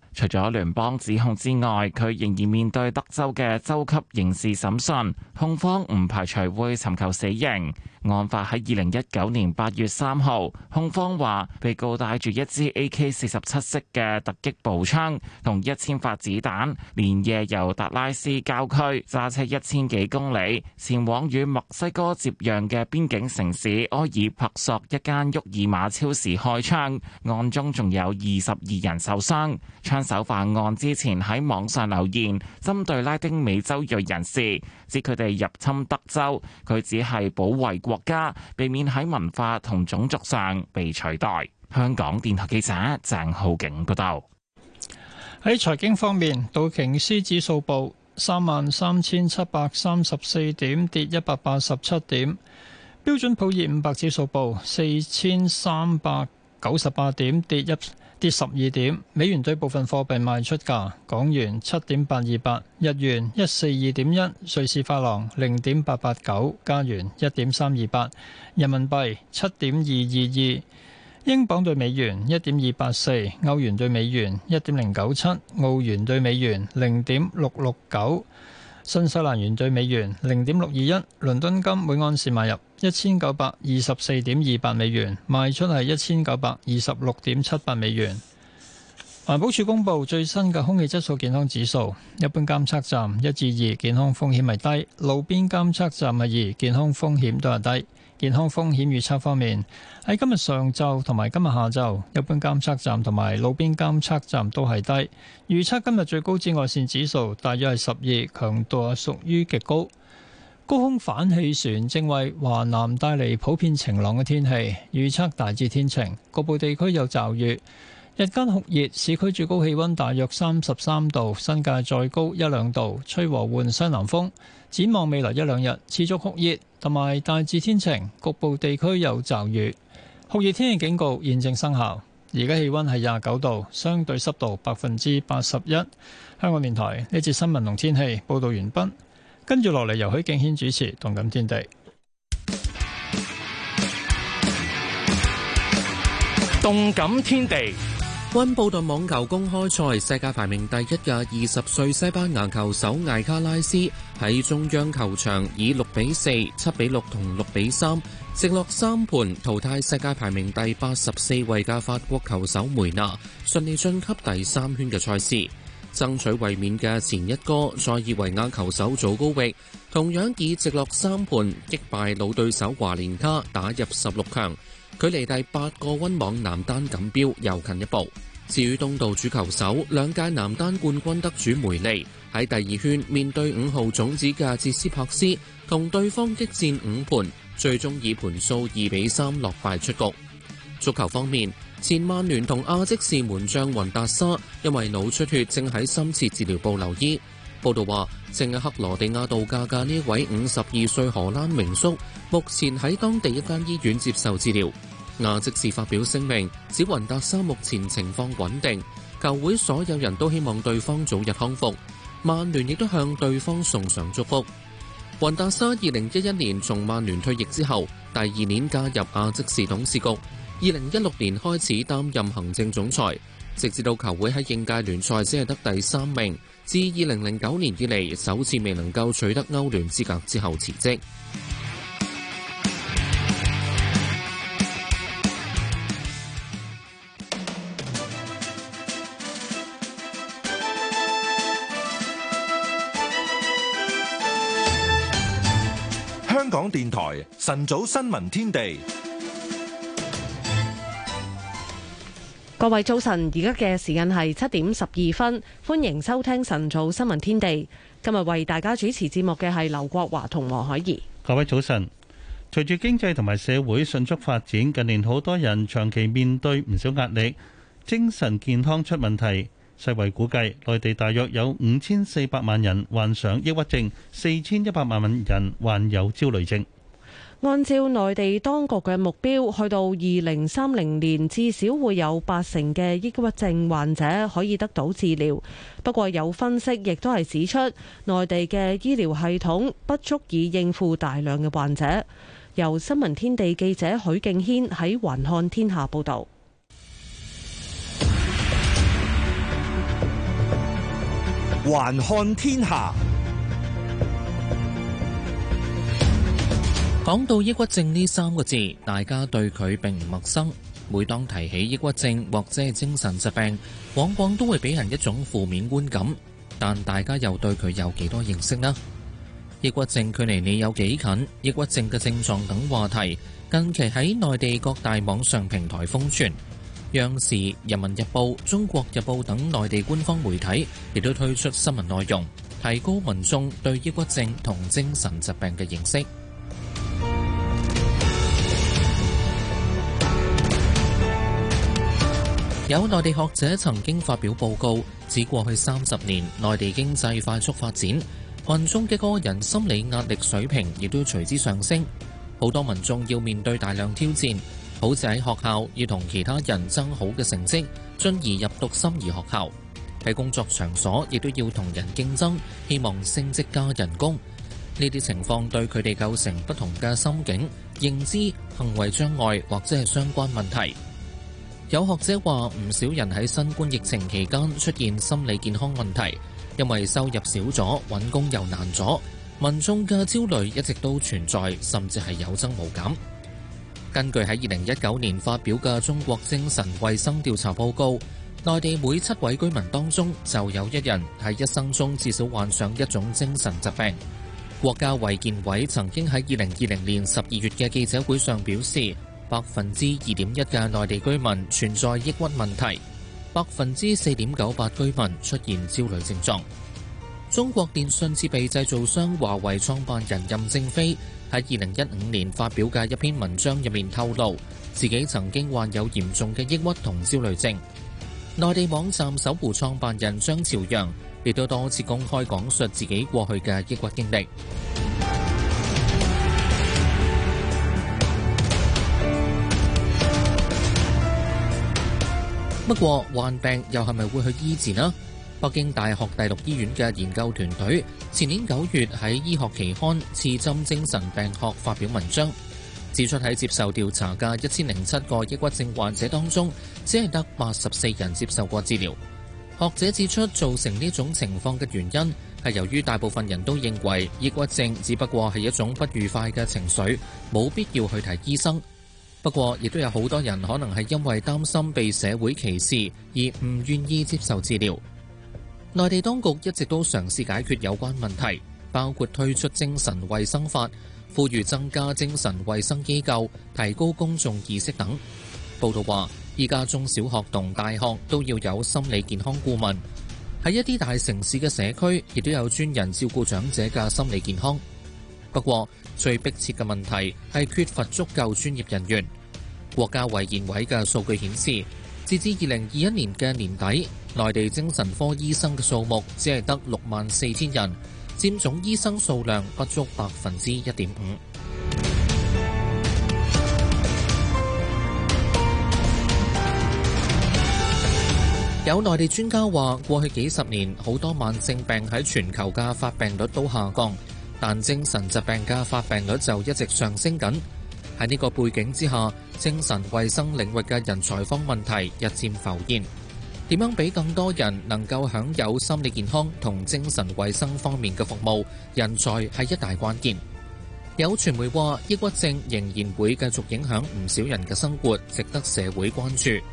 除咗聯邦指控之外，佢仍然面對德州嘅州級刑事審訊，控方唔排除會尋求死刑。案發喺二零一九年八月三號，控方話被告帶住一支 AK 四十七式嘅突擊步槍同一千發子彈，連夜由達拉斯郊區揸車一千幾公里，前往與墨西哥接壤嘅邊境城市埃爾柏索一間沃爾瑪超市開槍，案中仲有二十二人受傷，手犯案之前喺網上留言，針對拉丁美洲裔人士，指佢哋入侵德州，佢只係保衛國家，避免喺文化同種族上被取代。香港電台記者鄭浩景報道。喺財經方面，道瓊斯指數報三萬三千七百三十四點，跌一百八十七點；標準普爾五百指數報四千三百九十八點，跌一。跌十二點，美元兌部分貨幣賣出價：港元七點八二八，日元一四二點一，瑞士法郎零點八八九，加元一點三二八，人民幣七點二二二，英鎊兌美元一點二八四，歐元兌美元一點零九七，澳元兌美元零點六六九，新西蘭元兌美元零點六二一，倫敦金每安士買入，一千九百二十四點二八美元，賣出係一千九百二十六點七八美元。環保署公布最新嘅空氣質素健康指數，一般監測站一至二，2，健康風險係低；路邊監測站係二，健康風險都係低。健康風險預測方面，喺今日上晝同埋今日下晝，一般監測站同埋路邊監測站都係低。預測今日最高紫外線指數大約係十二，強度啊屬於極高。高空反氣旋正為華南帶嚟普遍晴朗嘅天氣，預測大致天晴，局部地區有驟雨。日間酷熱，市區最高氣溫大約三十三度，新界再高一兩度，吹和緩西南風。展望未來一兩日持續酷熱同埋大致天晴，局部地區有驟雨。酷熱天氣警告現正生效。而家氣溫係廿九度，相對濕度百分之八十一。香港電台呢節新聞同天氣報道完畢。跟住落嚟，由許敬軒主持《動感天地》。《動感天地》。溫布頓網球公開賽世界排名第一嘅二十歲西班牙球手艾卡拉斯喺中央球場以六比四、七比六同六比三，直落三盤淘汰世界排名第八十四位嘅法國球手梅娜，順利晉級第三圈嘅賽事。爭取衛冕嘅前一哥塞爾維亞球手祖高域，同樣以直落三盤擊敗老對手華連卡，打入十六強，距離第八個溫網男單錦標又近一步。至於東道主球手兩屆男單冠軍得主梅利，喺第二圈面對五號種子嘅捷斯帕斯，同對方激戰五盤，最終以盤數二比三落敗出局。足球方面。前曼聯同亞積士門將雲達沙因為腦出血正喺深切治療部留醫。報道話，正喺克羅地亞度假嘅呢位五十二歲荷蘭名宿，目前喺當地一間醫院接受治療。亞積士發表聲明，指雲達沙目前情況穩定，球會所有人都希望對方早日康復。曼聯亦都向對方送上祝福。雲達沙二零一一年從曼聯退役之後，第二年加入亞積士董事局。二零一六年開始擔任行政總裁，直至到球會喺應屆聯賽只係得第三名，自二零零九年以嚟首次未能夠取得歐聯資格之後辭職。香港電台晨早新聞天地。各位早晨，而家嘅時間係七點十二分，歡迎收聽晨早新聞天地。今日為大家主持節目嘅係劉國華同王海怡。各位早晨，隨住經濟同埋社會迅速發展，近年好多人長期面對唔少壓力，精神健康出問題。世衛估計，內地大約有五千四百萬人患上抑鬱症，四千一百萬蚊人患有焦慮症。按照內地當局嘅目標，去到二零三零年，至少會有八成嘅抑鬱症患者可以得到治療。不過有分析亦都係指出，內地嘅醫療系統不足以應付大量嘅患者。由新聞天地記者許敬軒喺環看天下報導。環看天下。報講到抑鬱症呢三個字，大家對佢並唔陌生。每當提起抑鬱症或者精神疾病，往往都會俾人一種負面觀感。但大家又對佢有幾多認識呢？抑鬱症距離你有幾近？抑鬱症嘅症狀等話題近期喺內地各大網上平台瘋傳，央視、人民日報、中國日報等內地官方媒體亦都推出新聞內容，提高民眾對抑鬱症同精神疾病嘅認識。有內地學者曾經發表報告指，過去三十年內地經濟快速發展，群眾嘅個人心理壓力水平亦都隨之上升。好多民眾要面對大量挑戰，好似喺學校要同其他人爭好的成績，進而入讀心儀學校，在工作場所亦都要同人競爭，希望升職加人工。呢啲情況對佢哋構成不同嘅心境、認知、行為障礙或者係相關問題。有學者話，唔少人喺新冠疫情期間出現心理健康問題，因為收入少咗，揾工又難咗，民眾嘅焦慮一直都存在，甚至係有增無減。根據喺二零一九年發表嘅中國精神衛生調查報告，內地每七位居民當中就有一人喺一生中至少患上一種精神疾病。國家衛健委曾經喺二零二零年十二月嘅記者會上表示，百分之二點一嘅內地居民存在抑鬱問題，百分之四點九八居民出現焦慮症狀。中國電信設備製造商華為創辦人任正非喺二零一五年發表嘅一篇文章入面透露，自己曾經患有嚴重嘅抑鬱同焦慮症。內地網站搜狐創辦人張朝陽亦都多次公開講述自己過去嘅抑鬱經歷。不過患病又係咪會去醫治呢？北京大學第六醫院嘅研究團隊，前年九月喺醫學期刊《刺針精神病學》發表文章，指出喺接受調查嘅一千零七個抑鬱症患者當中，只係得八十四人接受過治療。學者指出，造成呢種情況嘅原因係由於大部分人都認為抑鬱症只不過係一種不愉快嘅情緒，冇必要去睇醫生。不過，亦都有好多人可能係因為擔心被社會歧視而唔願意接受治療。內地當局一直都嘗試解決有關問題，包括推出精神衛生法，呼籲增加精神衛生機構，提高公眾意識等。報道話，依家中小學同大學都要有心理健康顧問，喺一啲大城市嘅社區亦都有專人照顧長者嘅心理健康。不過，最迫切嘅問題係缺乏足夠專業人員。國家衛健委嘅數據顯示，截至二零二一年嘅年底，內地精神科醫生嘅數目只係得六萬四千人，佔總醫生數量不足百分之一點五。 有內地專家話，過去幾十年，好多慢性病喺全球嘅發病率都下降。但精神疾病嘅發病率就一直上升緊，喺呢個背景之下，精神衛生領域嘅人才荒問題日漸浮現。點樣俾更多人能夠享有心理健康同精神衛生方面嘅服務？人才係一大關鍵。有傳媒話，抑鬱症仍然會繼續影響唔少人嘅生活，值得社會關注。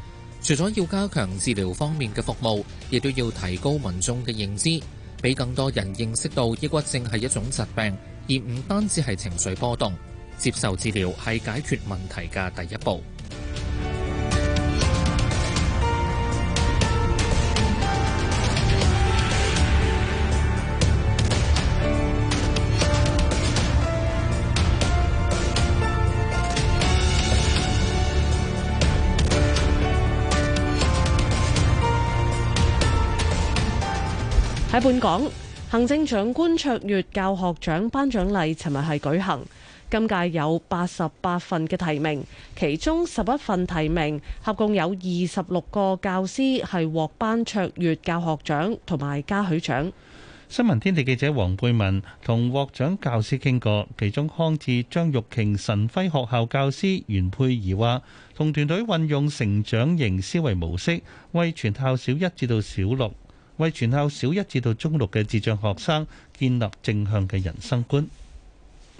除咗要加強治療方面嘅服務，亦都要提高民眾嘅認知。俾更多人認識到，抑鬱症係一種疾病，而唔單止係情緒波動。接受治療係解決問題嘅第一步。半港行政長官卓越教學獎頒獎禮，尋日係舉行。今屆有八十八份嘅提名，其中十一份提名，合共有二十六個教師係獲頒卓越教學獎同埋嘉許獎。新聞天地記者黃佩文同獲獎教師傾過，其中康智、張玉瓊、神輝學校教師袁佩儀話，同團隊運用成長型思維模式，為全校小一至到小六。為全校小一至到中六嘅智障學生建立正向嘅人生觀。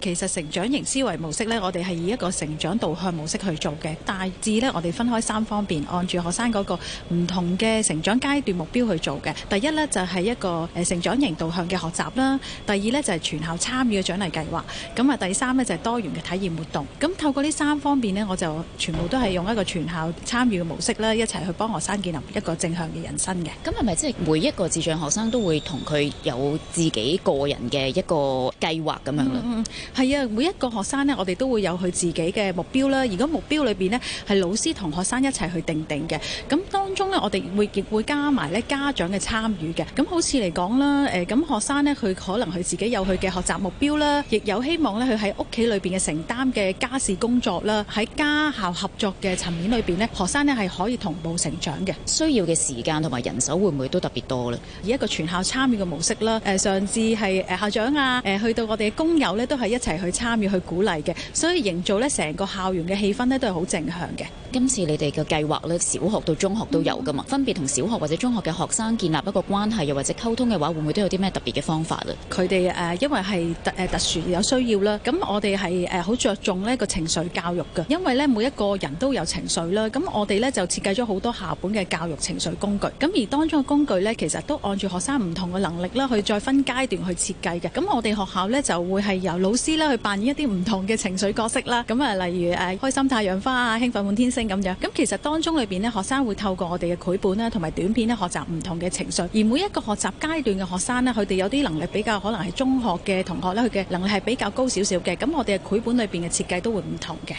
其實成長型思維模式咧，我哋係以一個成長導向模式去做嘅。大致咧，我哋分開三方面，按住學生嗰個唔同嘅成長階段目標去做嘅。第一咧就係一個誒成長型導向嘅學習啦。第二咧就係全校參與嘅獎勵計劃。咁啊，第三咧就係多元嘅體驗活動。咁透過呢三方面呢，我就全部都係用一個全校參與嘅模式啦，一齊去幫學生建立一個正向嘅人生嘅。咁係咪即係每一個智障學生都會同佢有自己個人嘅一個計劃咁樣咧？嗯係啊，每一個學生咧，我哋都會有佢自己嘅目標啦。而家目標裏邊咧係老師同學生一齊去定定嘅。咁當中咧，我哋會亦會加埋咧家長嘅參與嘅。咁好似嚟講啦，誒咁學生咧，佢可能佢自己有佢嘅學習目標啦，亦有希望咧佢喺屋企裏邊嘅承擔嘅家事工作啦，喺家校合作嘅層面裏邊咧，學生咧係可以同步成長嘅。需要嘅時間同埋人手會唔會都特別多咧？以一個全校參與嘅模式啦，誒上至係誒校長啊，誒去到我哋嘅工友咧，都係一一齊去參與去鼓勵嘅，所以營造呢成個校園嘅氣氛呢，都係好正向嘅。今次你哋嘅計劃呢，小學到中學都有㗎嘛？嗯、分別同小學或者中學嘅學生建立一個關係，又或者溝通嘅話，會唔會都有啲咩特別嘅方法咧？佢哋誒，因為係誒特殊而有需要啦。咁我哋係誒好着重呢個情緒教育㗎，因為呢，每一個人都有情緒啦。咁我哋呢，就設計咗好多校本嘅教育情緒工具。咁而當中嘅工具呢，其實都按住學生唔同嘅能力啦，去再分階段去設計嘅。咁我哋學校呢，就會係有老師。啲去扮演一啲唔同嘅情緒角色啦，咁啊，例如誒開心太陽花啊，興奮滿天星咁樣。咁其實當中裏邊咧，學生會透過我哋嘅繪本啦，同埋短片咧學習唔同嘅情緒。而每一個學習階段嘅學生咧，佢哋有啲能力比較可能係中學嘅同學咧，佢嘅能力係比較高少少嘅。咁我哋嘅繪本裏邊嘅設計都會唔同嘅。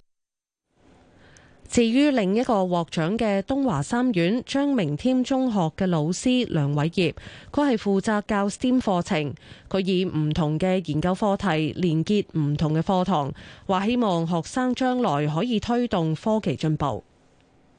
至於另一個獲獎嘅東華三院張明添中學嘅老師梁偉業，佢係負責教 STEM 課程，佢以唔同嘅研究課題連結唔同嘅課堂，話希望學生將來可以推動科技進步。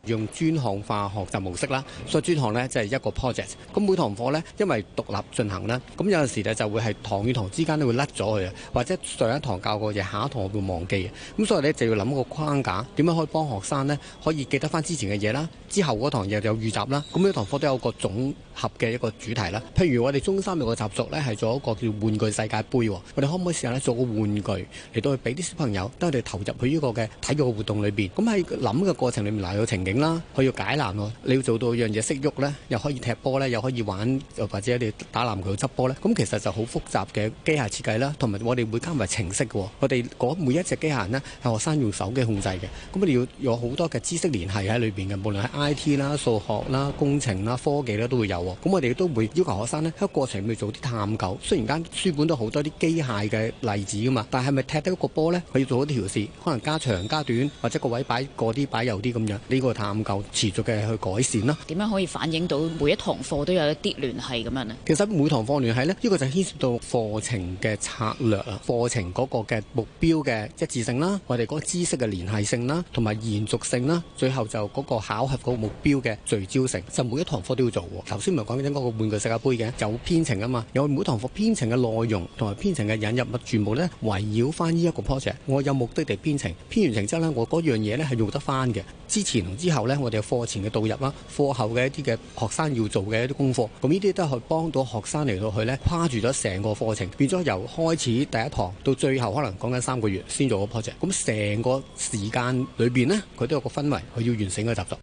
用專項化學習模式啦，所以專項呢，就係一個 project。咁每堂課呢，因為獨立進行咧，咁有陣時咧就會係堂與堂之間都會甩咗佢，啊，或者上一堂教過嘢，下一堂我會忘記啊。咁所以呢，就要諗個框架，點樣可以幫學生呢，可以記得翻之前嘅嘢啦。之後嗰堂嘢就有預習啦，咁呢堂課都有個總合嘅一個主題啦。譬如我哋中三嘅個習俗呢，係做一個叫玩具世界盃，我哋可唔可以試下咧做個玩具嚟到去俾啲小朋友，等佢哋投入去呢個嘅體育活動裏邊。咁喺諗嘅過程裏面，有情景啦，佢要解難喎，你要做到樣嘢識喐呢，又可以踢波呢，又可以玩又或者你打籃球執波呢。咁其實就好複雜嘅機械設計啦，同埋我哋會加埋程式嘅。我哋每一隻機械人呢，係學生用手機控制嘅，咁我哋要有好多嘅知識聯繫喺裏邊嘅，無論喺。I.T. 啦、數學啦、工程啦、科技啦，都會有喎，咁我哋都會要求學生呢喺過程去做啲探究。雖然間書本都好多啲機械嘅例子㗎嘛，但係咪踢得嗰個波呢？佢要做一啲調試，可能加長、加短或者個位擺過啲、擺右啲咁樣。呢個探究持續嘅去改善啦。點樣可以反映到每一堂課都有一啲聯繫咁樣呢？其實每堂課聯繫呢，呢個就牽涉到課程嘅策略啊，課程嗰個嘅目標嘅一致性啦，我哋嗰個知識嘅聯繫性啦，同埋延續性啦，最後就嗰個考核。目標嘅聚焦性，就每一堂課都要做。頭先唔係講緊嗰個玩具世界杯嘅有編程啊嘛？有每堂課編程嘅內容同埋編程嘅引入，物全部呢，圍繞翻呢一個 project，我有目的地編程，編完程之後呢，我嗰樣嘢呢係用得翻嘅。之前同之後呢，我哋課前嘅導入啦，課後嘅一啲嘅學生要做嘅一啲功課，咁呢啲都係幫到學生嚟到去呢，跨住咗成個課程，變咗由開始第一堂到最後，可能講緊三個月先做個 project，咁成個時間裏邊呢，佢都有個氛圍，佢要完成個習作。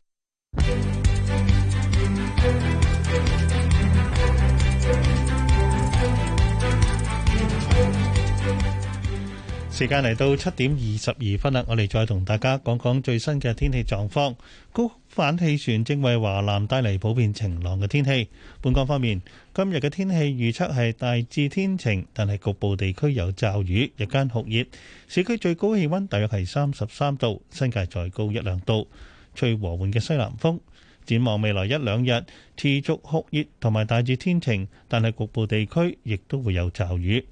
時間嚟到七點二十二分啦，我哋再同大家講講最新嘅天氣狀況。高反氣旋正為華南帶嚟普遍晴朗嘅天氣。本港方面，今日嘅天氣預測係大致天晴，但係局部地區有驟雨，日間酷熱。市區最高氣溫大約係三十三度，新界再高一兩度。吹和緩嘅西南風，展望未來一兩日持續酷熱同埋大致天晴，但係局部地區亦都會有驟雨。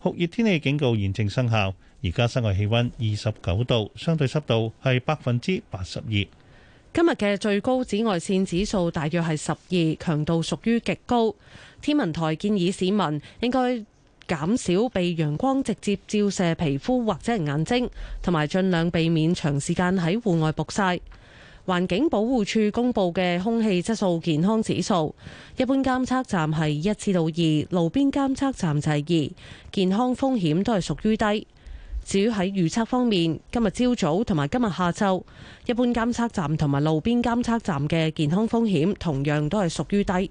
酷熱天氣警告現正生效。而家室外氣溫二十九度，相對濕度係百分之八十二。今日嘅最高紫外線指數大約係十二，強度屬於極高。天文台建議市民應該減少被陽光直接照射皮膚或者係眼睛，同埋盡量避免長時間喺戶外曝曬。環境保護署公布嘅空氣質素健康指數，一般監測站係一至到二，路邊監測站就係二，健康風險都係屬於低。至於喺預測方面，今日朝早同埋今日下晝，一般監測站同埋路邊監測站嘅健康風險同樣都係屬於低。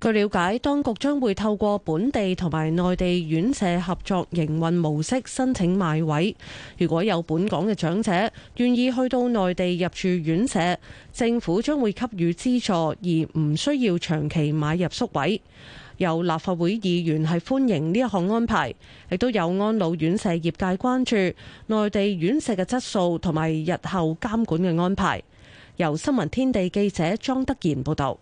據了解，當局將會透過本地同埋內地院舍合作營運模式申請買位。如果有本港嘅長者願意去到內地入住院舍，政府將會給予資助，而唔需要長期買入宿位。有立法會議員係歡迎呢一項安排，亦都有安老院舍業界關注內地院舍嘅質素同埋日後監管嘅安排。由新聞天地記者莊德賢報導。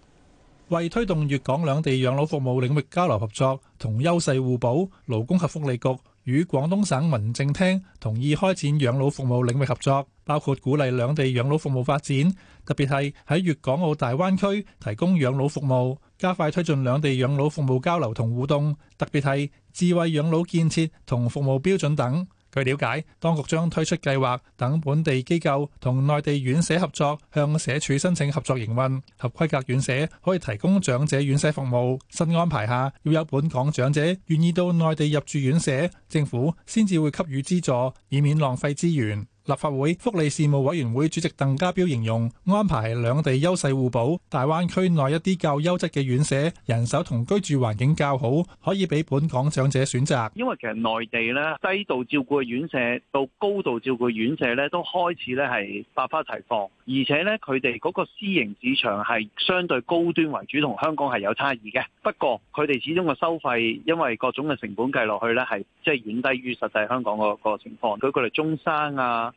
為推動粵港兩地養老服務領域交流合作同優勢互補，勞工及福利局與廣東省民政廳同意開展養老服務領域合作，包括鼓勵兩地養老服務發展，特別係喺粵港澳大灣區提供養老服務，加快推進兩地養老服務交流同互動，特別係智慧養老建設同服務標準等。據了解，當局將推出計劃，等本地機構同內地院舍合作，向社署申請合作營運，合規格院舍可以提供長者院舍服務。新安排下，要有本港長者願意到內地入住院舍，政府先至會給予資助，以免浪費資源。立法會福利事務委員會主席鄧家彪形容安排兩地優勢互補，大灣區內一啲較優質嘅院舍，人手同居住環境較好，可以俾本港長者選擇。因為其實內地咧低度照顧院舍到高度照顧院舍咧都開始咧係百花齊放，而且咧佢哋嗰個私營市場係相對高端為主，同香港係有差異嘅。不過佢哋始終嘅收費，因為各種嘅成本計落去咧係即係遠低於實際香港個情況。舉個例，中山啊。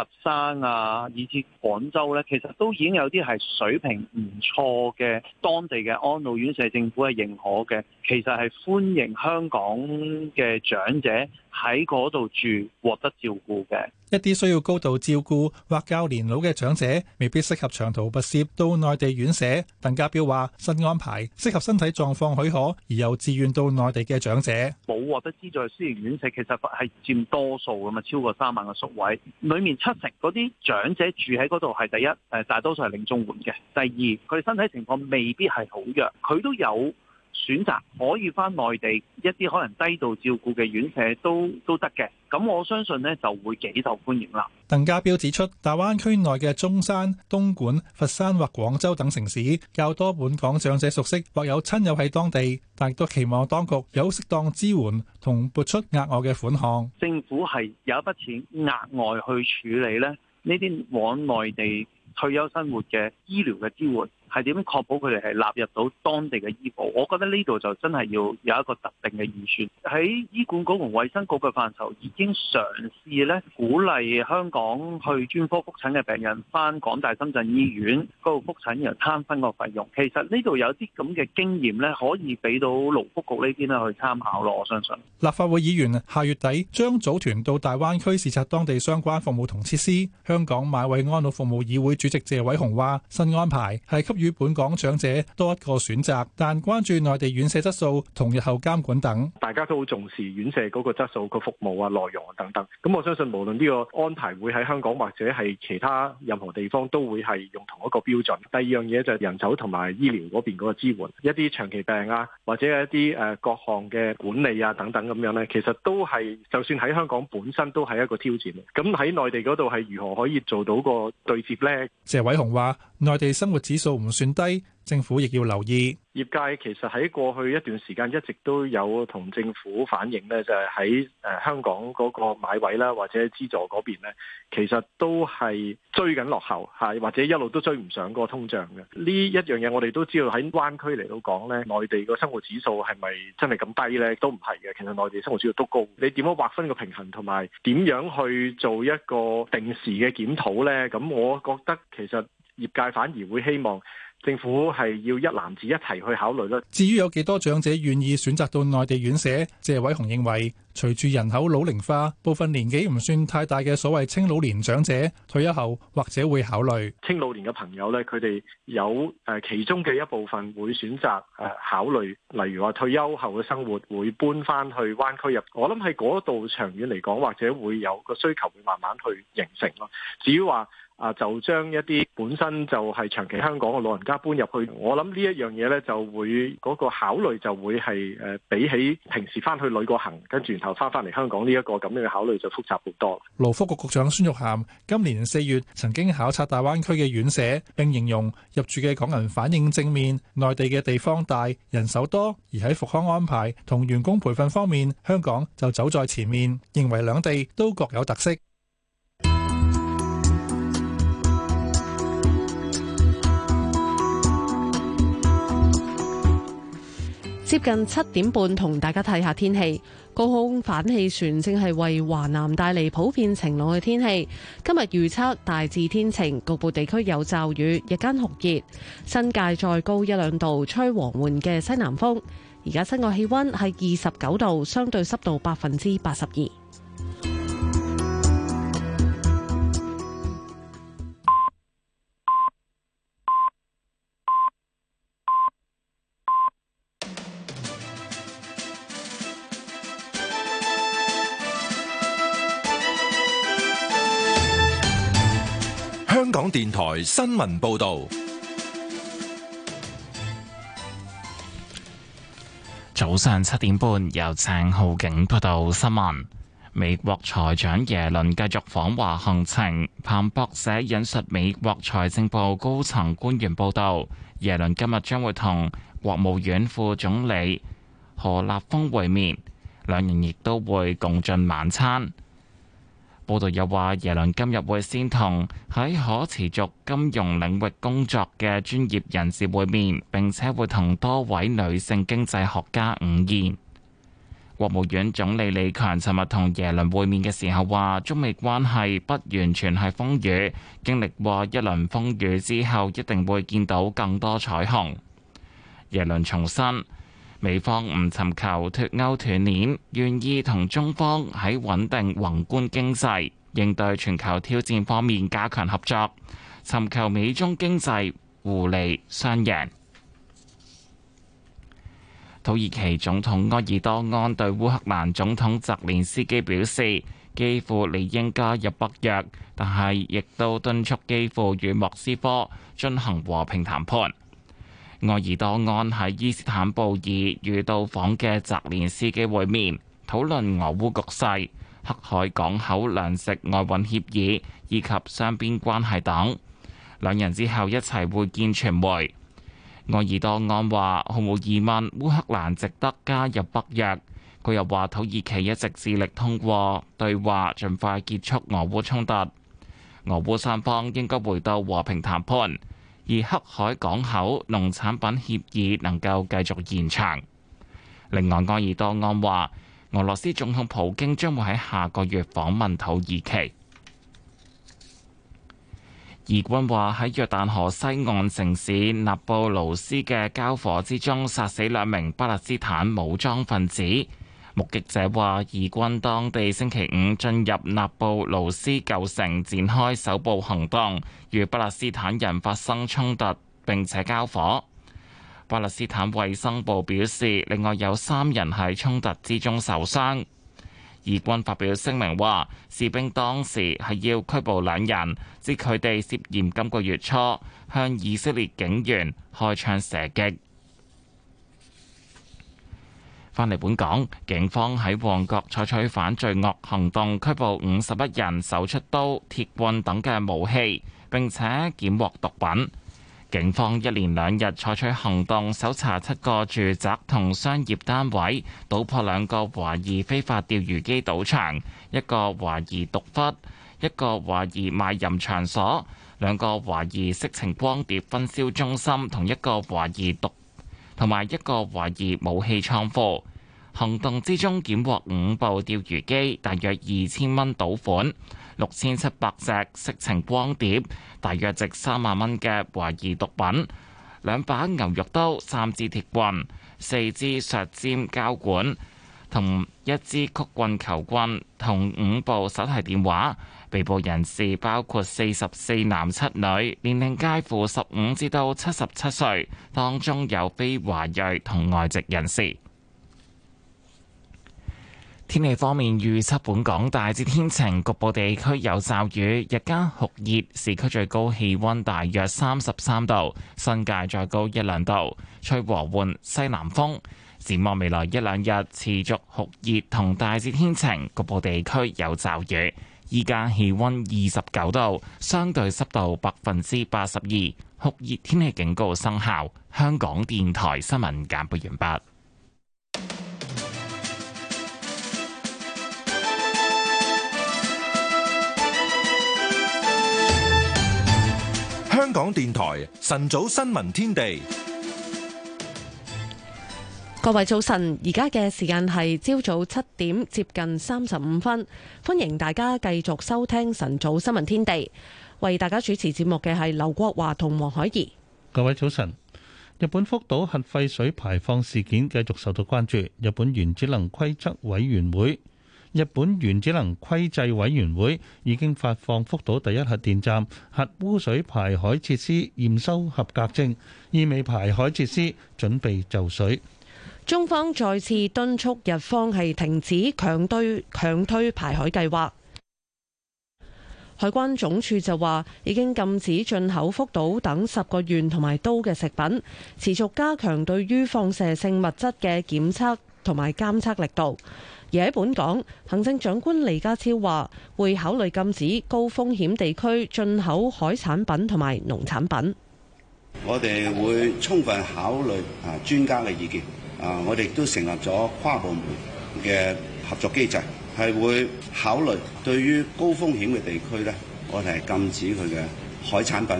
佛山啊，以至廣州咧，其實都已經有啲係水平唔錯嘅當地嘅安老院舍政府係認可嘅，其實，係歡迎香港嘅長者喺嗰度住獲得照顧嘅。一啲需要高度照顧或較年老嘅長，長，長者，未必適合長途跋涉到內地院舍。鄧家彪話新安排適合身體狀況許可而又自願到內地嘅長者，冇獲得資助嘅私營院舍其實係佔多數，咁啊，超過三萬個宿位，裏面嗰啲長者住喺嗰度係第一，誒大多數係領綜援嘅；第二，佢哋身體情況未必係好弱，佢都有。選擇可以翻內地一啲可能低度照顧嘅院舍都都得嘅，咁我相信呢就會幾受歡迎啦。鄧家彪指出，大灣區內嘅中山、東莞、佛山或廣州等城市較多本港長者熟悉，或有親友喺當地，但亦都期望當局有適當支援同撥出額外嘅款項。政府係有一筆錢額外去處理呢呢啲往內地退休生活嘅醫療嘅支援。係點確保佢哋係納入到當地嘅醫保？我覺得呢度就真係要有一個特定嘅預算。喺醫管局同衛生局嘅範疇已經嘗試咧，鼓勵香港去專科復診嘅病人翻港大深圳醫院嗰度復診，然後攤分個費用。其實呢度有啲咁嘅經驗咧，可以俾到勞福局呢邊咧去參考咯。我相信立法會議員下月底將組團到大灣區視察當地相關服務同設施。香港買位安老服務議會主席謝偉雄話：新安排係吸於本港長者多一個選擇，但關注內地院舍質素同日後監管等，大家都好重視院舍嗰個質素、個服務啊、內容等等。咁我相信無論呢個安排會喺香港或者係其他任何地方，都會係用同一個標準。第二樣嘢就係人手同埋醫療嗰邊嗰個支援，一啲長期病啊，或者一啲誒各項嘅管理啊等等咁樣咧，其實都係就算喺香港本身都係一個挑戰。咁喺內地嗰度係如何可以做到個對接咧？謝偉雄話：內地生活指數唔。算低，政府亦要留意。業界其實喺過去一段時間一直都有同政府反映咧，就係喺誒香港嗰個買位啦，或者資助嗰邊咧，其實都係追緊落後吓，或者一路都追唔上個通脹嘅。呢一樣嘢我哋都知道喺灣區嚟到講咧，內地個生活指數係咪真係咁低咧？都唔係嘅。其實內地生活指數都高。你點樣劃分個平衡，同埋點樣去做一個定時嘅檢討咧？咁我覺得其實。業界反而會希望政府係要一攬子一齊去考慮咯。至於有幾多長者願意選擇到內地院舍，謝偉雄認為，隨住人口老齡化，部分年紀唔算太大嘅所謂青老年長者退休後或者會考慮。青老年嘅朋友咧，佢哋有誒其中嘅一部分會選擇誒考慮，例如話退休後嘅生活會搬翻去灣區入。我諗喺嗰度長遠嚟講，或者會有個需求會慢慢去形成咯。至於話。啊！就將一啲本身就係長期香港嘅老人家搬入去，我諗呢一樣嘢呢，就會嗰個考慮就會係誒比起平時翻去旅個行，跟住然後翻翻嚟香港呢一個咁樣嘅考慮就複雜好多。勞福局局長孫玉菡今年四月曾經考察大灣區嘅院舍，並形容入住嘅港人反應正面，內地嘅地方大、人手多，而喺復康安排同員工培訓方面，香港就走在前面，認為兩地都各有特色。接近七點半，同大家睇下天氣。高空反氣旋正係為華南帶嚟普遍晴朗嘅天氣。今日預測大致天晴，局部地區有驟雨，日間酷熱，新界再高一兩度，吹和緩嘅西南風。而家室外氣溫係二十九度，相對濕度百分之八十二。香港電台新聞報道，早上七點半由鄭浩景報道新聞。美國財長耶倫繼續訪華行程。彭博社引述美國財政部高層官員報道，耶倫今日將會同國務院副總理何立峰會面，兩人亦都會共進晚餐。報道又話，耶倫今日會先同喺可持續金融領域工作嘅專業人士會面，並且會同多位女性經濟學家午宴。國務院總理李強尋日同耶倫會面嘅時候話，中美關係不完全係風雨，經歷過一輪風雨之後，一定會見到更多彩虹。耶倫重申，美方唔尋求脫鉤斷鏈，願意同中方喺穩定宏觀經濟、應對全球挑戰方面加強合作，尋求美中經濟互利雙贏。土耳其總統埃爾多安對烏克蘭總統澤連斯基表示，基輔理應加入北約，但係亦都敦促基輔與莫斯科進行和平談判。埃爾多安喺伊斯坦布爾與到訪嘅澤連斯基會面，討論俄烏局勢、黑海港口糧食外運協議以及雙邊關係等。兩人之後一齊會見傳媒。埃爾多安話：毫無疑問，烏克蘭值得加入北約。佢又話：土耳其一直致力通過對話盡快結束俄烏衝突，俄烏三方應該回到和平談判。而黑海港口農產品協議能夠繼續延長。另外，愛爾多安話，俄羅斯總統普京將會喺下個月訪問土耳其。以軍話喺約旦河西岸城市納布盧斯嘅交火之中，殺死兩名巴勒斯坦武裝分子。目擊者話，義軍當地星期五進入納布魯斯舊城，展開首部行動，與巴勒斯坦人發生衝突並且交火。巴勒斯坦衛生部表示，另外有三人喺衝突之中受傷。義軍發表聲明話，士兵當時係要拘捕兩人，指佢哋涉嫌今個月初向以色列警員開槍射擊。翻嚟本港，警方喺旺角採取反罪惡行動，拘捕五十一人，搜出刀、鐵棍等嘅武器，並且檢獲毒品。警方一連兩日採取行動，搜查七個住宅同商業單位，搗破兩個懷疑非法釣魚機賭場，一個懷疑毒窟，一個懷疑賣淫場所，兩個懷疑色情光碟分銷中心，同一個懷疑毒同埋一個懷疑武器倉庫。行動之中，檢獲五部釣魚機，大約二千蚊賭款，六千七百隻色情光碟，大約值三萬蚊嘅懷疑毒品，兩把牛肉刀，三支鐵棍，四支削尖膠管，同一支曲棍球棍，同五部手提電話。被捕人士包括四十四男七女，年齡介乎十五至到七十七歲，當中有非華裔同外籍人士。天氣方面，預測本港大致天晴，局部地區有驟雨。日間酷熱，市區最高氣溫大約三十三度，新界再高一兩度。吹和緩西南風。展望未來一兩日持續酷熱同大致天晴，局部地區有驟雨。依家氣溫二十九度，相對濕度百分之八十二，酷熱天氣警告生效。香港電台新聞簡報完畢。香港電台晨早新聞天地，各位早晨，而家嘅時間係朝早七點接近三十五分，歡迎大家繼續收聽晨早新聞天地。為大家主持節目嘅係劉國華同黃海怡。各位早晨，日本福島核廢水排放事件繼續受到關注，日本原子能規則委員會。日本原子能規制委員會已經發放福島第一核電站核污水排海設施驗收合格證，意味排海設施準備就緒。中方再次敦促日方係停止強推強推排海計劃。海關總署就話已經禁止進口福島等十個縣同埋都嘅食品，持續加強對於放射性物質嘅檢測同埋監測力度。而喺本港，行政長官李家超話會考慮禁止高風險地區進口海產品同埋農產品。我哋會充分考慮啊專家嘅意見啊！我哋亦都成立咗跨部門嘅合作機制，係會考慮對於高風險嘅地區咧，我哋係禁止佢嘅海產品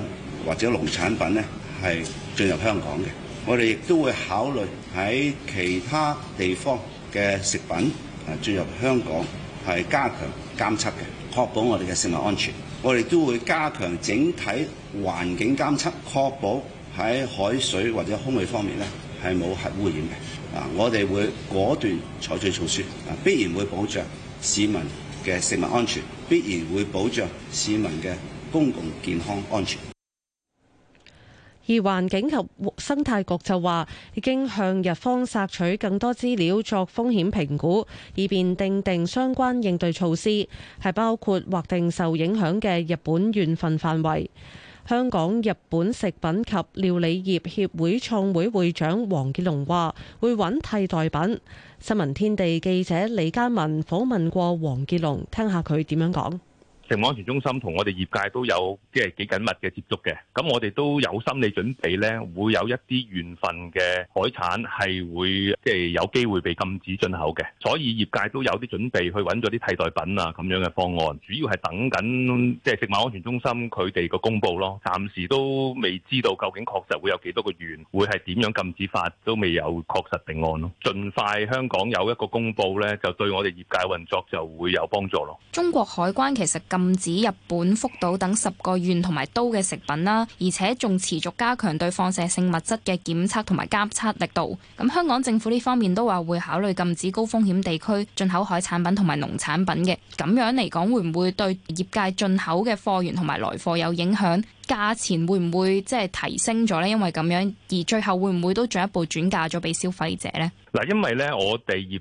或者農產品咧係進入香港嘅。我哋亦都會考慮喺其他地方嘅食品。進入香港係加強監測嘅，確保我哋嘅食物安全。我哋都會加強整體環境監測，確保喺海水或者空氣方面咧係冇核污染嘅。啊，我哋會果斷採取措施，啊，必然會保障市民嘅食物安全，必然會保障市民嘅公共健康安全。而環境及生態局就話，已經向日方索取更多資料作風險評估，以便訂定相關應對措施，係包括劃定受影響嘅日本縣份範圍。香港日本食品及料理業協會創會會長黃傑龍話：會揾替代品。新聞天地記者李家文訪問過黃傑龍，聽下佢點樣講。食物安全中心同我哋業界都有即係幾緊密嘅接觸嘅，咁我哋都有心理準備咧，會有一啲縣份嘅海產係會即係有機會被禁止進口嘅，所以業界都有啲準備去揾咗啲替代品啊咁樣嘅方案，主要係等緊即係食物安全中心佢哋個公佈咯，暫時都未知道究竟確實會有幾多個縣，會係點樣禁止法都未有確實定案咯。盡快香港有一個公佈咧，就對我哋業界運作就會有幫助咯。中國海關其實咁。禁止日本福島等十個縣同埋都嘅食品啦，而且仲持續加強對放射性物質嘅檢測同埋監測力度。咁香港政府呢方面都話會考慮禁止高風險地區進口海產品同埋農產品嘅。咁樣嚟講，會唔會對業界進口嘅貨源同埋來貨有影響？價錢會唔會即係提升咗呢？因為咁樣，而最後會唔會都進一步轉嫁咗俾消費者呢？嗱，因為呢，我哋業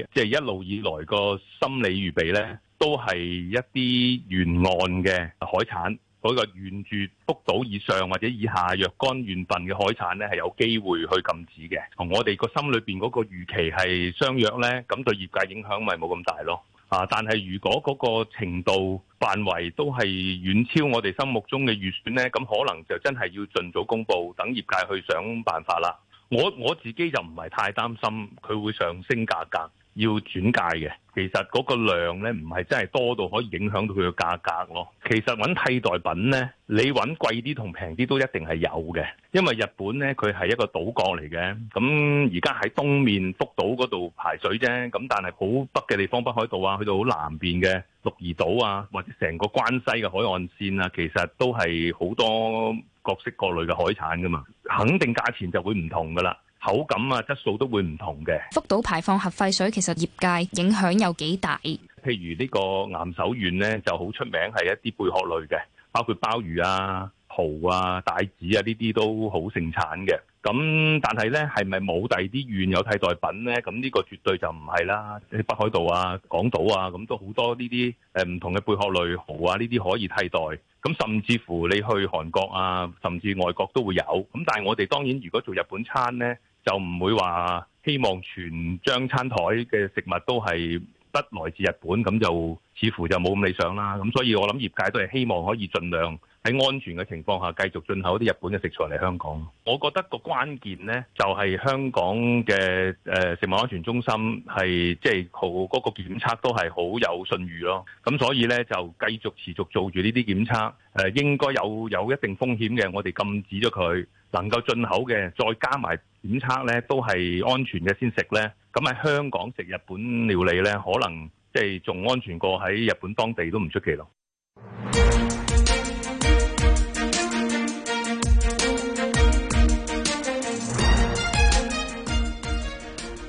界即係一路以來個心理預備呢。都係一啲沿岸嘅海產，嗰個沿住福島以上或者以下若干遠份嘅海產呢，係有機會去禁止嘅。同我哋個心裏邊嗰個預期係相若呢，咁對業界影響咪冇咁大咯。啊！但係如果嗰個程度範圍都係遠超我哋心目中嘅預算呢，咁可能就真係要盡早公布，等業界去想辦法啦。我我自己就唔係太擔心佢會上升價格。要轉介嘅，其實嗰個量咧唔係真係多到可以影響到佢嘅價格咯。其實揾替代品咧，你揾貴啲同平啲都一定係有嘅，因為日本咧佢係一個島國嚟嘅。咁而家喺東面福島嗰度排水啫，咁但係好北嘅地方北海道啊，去到好南邊嘅鹿兒島啊，或者成個關西嘅海岸線啊，其實都係好多各式各類嘅海產㗎嘛，肯定價錢就會唔同㗎喇。口感啊，質素都會唔同嘅。福島排放核廢水，其實業界影響有幾大？譬如呢個岩手縣呢，就好出名係一啲貝殼類嘅，包括鮑魚啊、蠔啊、帶子啊呢啲都好盛產嘅。咁但係呢，係咪冇第二啲縣有替代品呢？咁呢個絕對就唔係啦。啲北海道啊、港島啊，咁都好多呢啲誒唔同嘅貝殼類蠔啊，呢啲可以替代。咁甚至乎你去韓國啊，甚至外國都會有。咁但係我哋當然如果做日本餐呢。就唔會話希望全張餐台嘅食物都係不來自日本，咁就似乎就冇咁理想啦。咁所以我諗業界都係希望可以盡量。喺安全嘅情況下，繼續進口啲日本嘅食材嚟香港。我覺得個關鍵咧，就係香港嘅誒食物安全中心係即係好嗰個檢測都係好有信譽咯。咁所以咧就繼續持續做住呢啲檢測。誒應該有有一定風險嘅，我哋禁止咗佢。能夠進口嘅，再加埋檢測咧，都係安全嘅先食咧。咁喺香港食日本料理咧，可能即係仲安全過喺日本當地都唔出奇咯。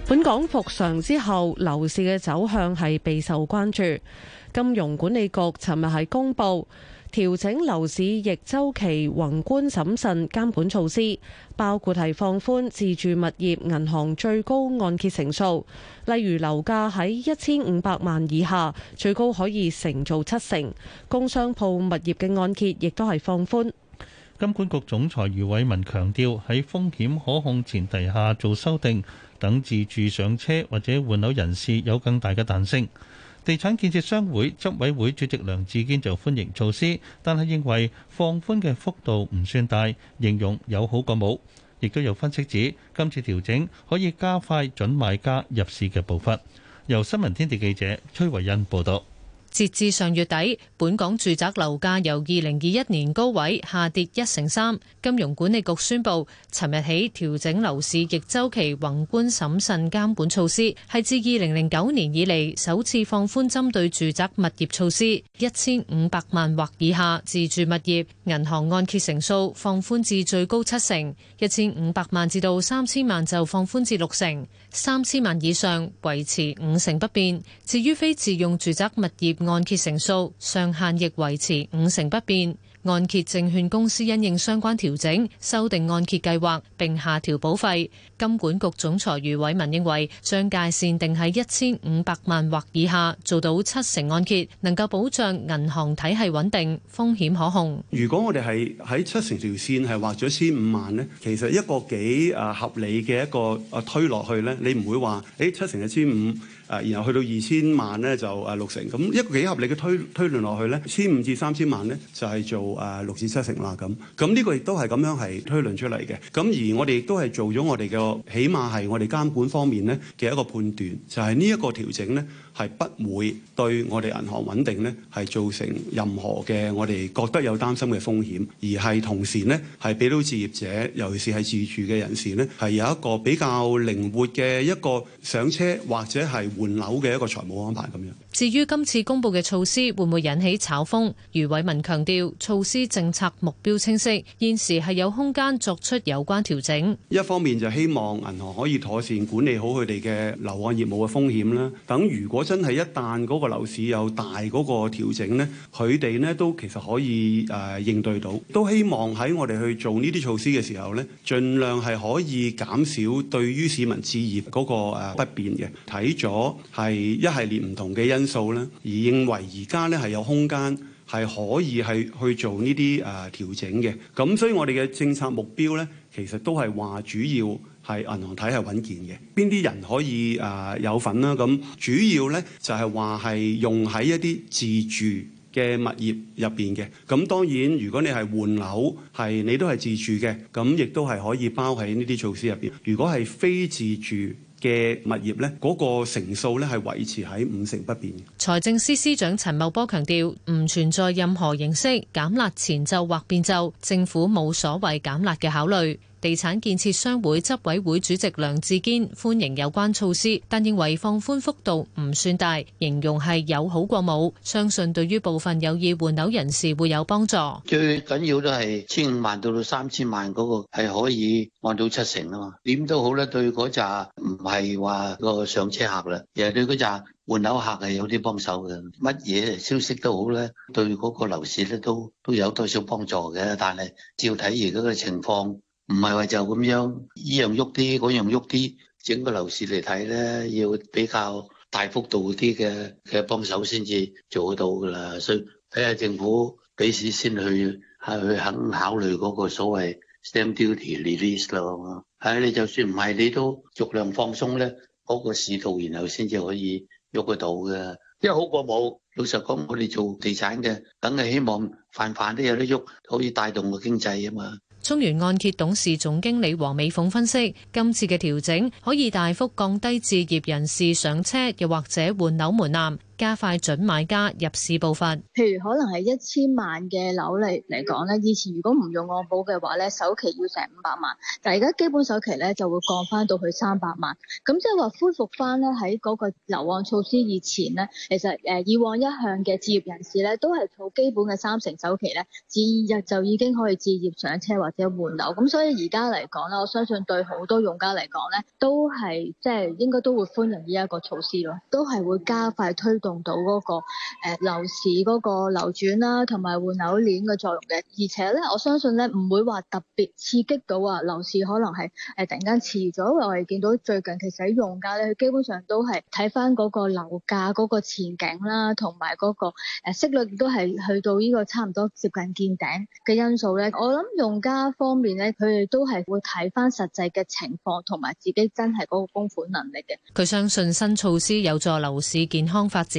本港復常之後，樓市嘅走向係備受關注。金融管理局尋日係公布調整樓市逆周期宏觀審慎監管措施，包括係放寬自住物業銀行最高按揭成數，例如樓價喺一千五百萬以下，最高可以承造七成。工商鋪物業嘅按揭亦都係放寬。金管局總裁余偉文強調喺風險可控前提下做修訂。ktor 等自住上車或者換樓人士有更大嘅彈性。地產建設商會執委會主席梁志堅就歡迎措施，但係認為放寬嘅幅度唔算大，形容有好過冇。亦都有分析指今次調整可以加快準買家入市嘅步伐。由新聞天地記者崔維欣報道。截至上月底，本港住宅樓價由二零二一年高位下跌一成三。金融管理局宣布，尋日起調整樓市逆周期宏觀審慎監，監管措施，係自二零零九年以嚟首次放寬針對住宅物業措施。一千五百萬或以下自住物業，銀行按揭成數放寬至最高七成；一千五百萬至到三千萬就放寬至六成。三千萬以上維持五成不變，至於非自用住宅物業按揭成數上限亦維持五成不變。按揭證券公司因應相關調整，修訂按揭計劃，並下調保費。金管局總裁余偉文認為，將界線定喺一千五百萬或以下，做到七成按揭，能夠保障銀行體系穩定，風險可控。如果我哋係喺七成條線係劃咗千五萬呢，其實一個幾誒合理嘅一個誒推落去呢，你唔會話誒七成一千五。誒，然後去到二千萬咧，就誒六成。咁一個幾合理嘅推推論落去咧，千五至三千萬咧，就係做誒六至七成啦。咁，咁呢個亦都係咁樣係推論出嚟嘅。咁而我哋亦都係做咗我哋嘅，起碼係我哋監管方面咧嘅一個判斷，就係呢一個調整咧。係不會對我哋銀行穩定呢係造成任何嘅我哋覺得有擔心嘅風險，而係同時呢係俾到置業者，尤其是係自住嘅人士呢，係有一個比較靈活嘅一個上車或者係換樓嘅一個財務安排咁樣。至於今次公布嘅措施會唔會引起炒風？余偉文強調，措施政策目標清晰，現時係有空間作出有關調整。一方面就希望銀行可以妥善管理好佢哋嘅樓按業務嘅風險啦。等如果真係一旦嗰個樓市有大嗰個調整呢，佢哋呢都其實可以誒、呃、應對到。都希望喺我哋去做呢啲措施嘅時候呢，儘量係可以減少對於市民置業嗰、嗰個、呃、不便嘅。睇咗係一系列唔同嘅因素咧，而認為而家呢係有空間係可以係去做呢啲誒調整嘅。咁所以我哋嘅政策目標呢，其實都係話主要。係銀行體系穩健嘅，邊啲人可以誒、呃、有份啦？咁主要呢就係話係用喺一啲自住嘅物業入邊嘅。咁當然如，如果你係換樓，係你都係自住嘅，咁亦都係可以包喺呢啲措施入邊。如果係非自住嘅物業呢，嗰、那個成數呢係、那個、維持喺五成不變嘅。財政司司長陳茂波強調，唔存在任何形式減辣前奏或變奏，政府冇所謂減辣嘅考慮。地產建設商會執委會主席梁志堅歡迎有關措施，但認為放寬幅度唔算大，形容係有好過冇，相信對於部分有意換樓人士會有幫助。最緊要都係千五萬到到三千萬嗰個係可以按到七成啊嘛，點都好咧，對嗰扎唔係話個上車客啦，而係對嗰紮換樓客係有啲幫手嘅。乜嘢消息都好咧，對嗰個樓市咧都都有多少幫助嘅。但係照睇而家嘅情況。唔係話就咁樣呢樣喐啲，嗰樣喐啲，整個樓市嚟睇咧，要比較大幅度啲嘅嘅幫手先至做得到噶啦。所以睇下政府幾時先去，係去肯考慮嗰個所謂 stamp duty release 咯。係你就算唔係，你都逐量放鬆咧，嗰、嗰個市道然後先至可以喐得到嘅。因為好過冇。老實講，我哋做地產嘅，梗係希望泛泛都有得喐，可以帶動個經濟啊嘛。中原按揭董事總經理黃美鳳分析，今次嘅調整可以大幅降低置業人士上車，又或者換樓門檻。加快準買家入市步伐。譬如可能係一千萬嘅樓嚟嚟講咧，以前如果唔用按保嘅話咧，首期要成五百萬，但係而家基本首期咧就會降翻到去三百萬。咁即係話恢復翻咧喺嗰個樓按措施以前咧，其實誒以往一向嘅置業人士咧都係做基本嘅三成首期咧，次日就已經可以置業上車或者換樓。咁所以而家嚟講咧我相信對好多用家嚟講咧，都係即係應該都會歡迎呢一個措施咯，都係會加快推動。用到嗰個誒樓市嗰個流轉啦，同埋換樓鏈嘅作用嘅。而且咧，我相信咧唔會話特別刺激到啊樓市可能係誒突然間遲咗，因為我哋見到最近其實喺用家咧，佢基本上都係睇翻嗰個樓價嗰個前景啦，同埋嗰個誒息率都係去到呢個差唔多接近見頂嘅因素咧。我諗用家方面咧，佢哋都係會睇翻實際嘅情況同埋自己真係嗰個供款能力嘅。佢相信新措施有助樓市健康發展。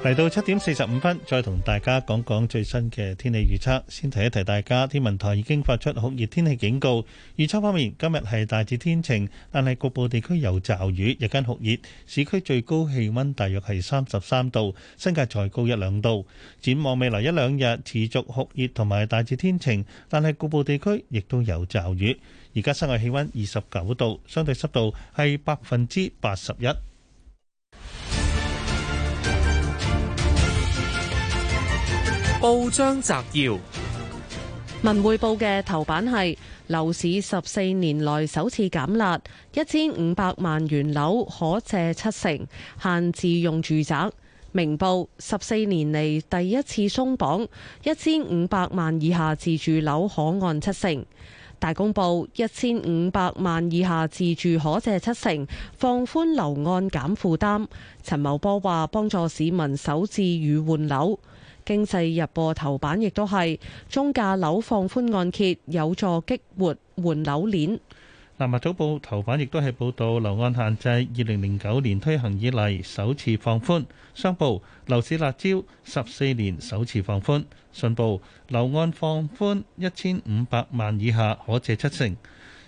嚟到七點四十五分，再同大家講講最新嘅天氣預測。先提一提大家，天文台已經發出酷熱天氣警告。預測方面，今日係大致天晴，但係局部地區有驟雨，日間酷熱。市區最高氣溫大約係三十三度，新界再高一兩度。展望未來一兩日，持續酷熱同埋大致天晴，但係局部地區亦都有驟雨。而家室外氣溫二十九度，相對濕度係百分之八十一。報章摘要：文匯報嘅頭版係樓市十四年嚟首次減辣，一千五百萬元樓可借七成，限自用住宅。明報十四年嚟第一次鬆綁，一千五百萬以下自住樓可按七成。大公報一千五百萬以下自住可借七成，放寬樓按減負擔。陳茂波話，幫助市民首置與換樓。經濟日報頭版亦都係中價樓放寬按揭，有助激活換樓鏈。南華早報頭版亦都係報導樓按限制，二零零九年推行以嚟首次放寬。商報，樓市辣招十四年首次放寬。信報，樓按放寬一千五百萬以下可借七成。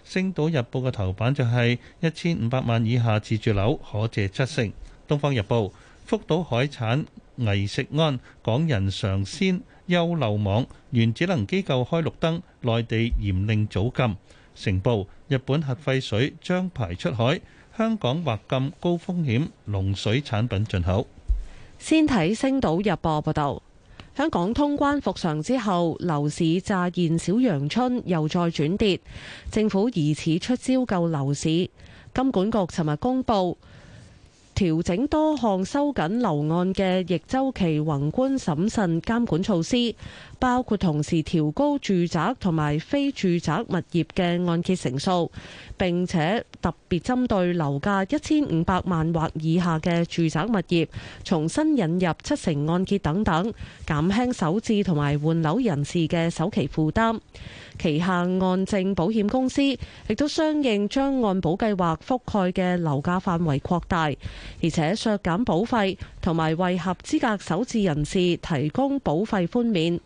星島日報嘅頭版就係一千五百萬以下自住樓可借七成。東方日報福島海產。危食安，港人常先休漏網；原子能機構開綠燈，內地嚴令早禁。成報：日本核廢水將排出海，香港或禁高風險農水產品進口。先睇星島日報報道：香港通關復常之後，樓市乍現小陽春，又再轉跌。政府疑似出招救樓市。金管局尋日公佈。調整多項收緊樓按嘅逆周期宏觀審慎監管措施，包括同時調高住宅同埋非住宅物業嘅按揭成數，並且特別針對樓價一千五百萬或以下嘅住宅物業，重新引入七成按揭等等，減輕首置同埋換樓人士嘅首期負擔。旗下按證保險公司亦都相應將按保計劃覆蓋嘅樓價範圍擴大，而且削減保費同埋為合資格首置人士提供保費寬免。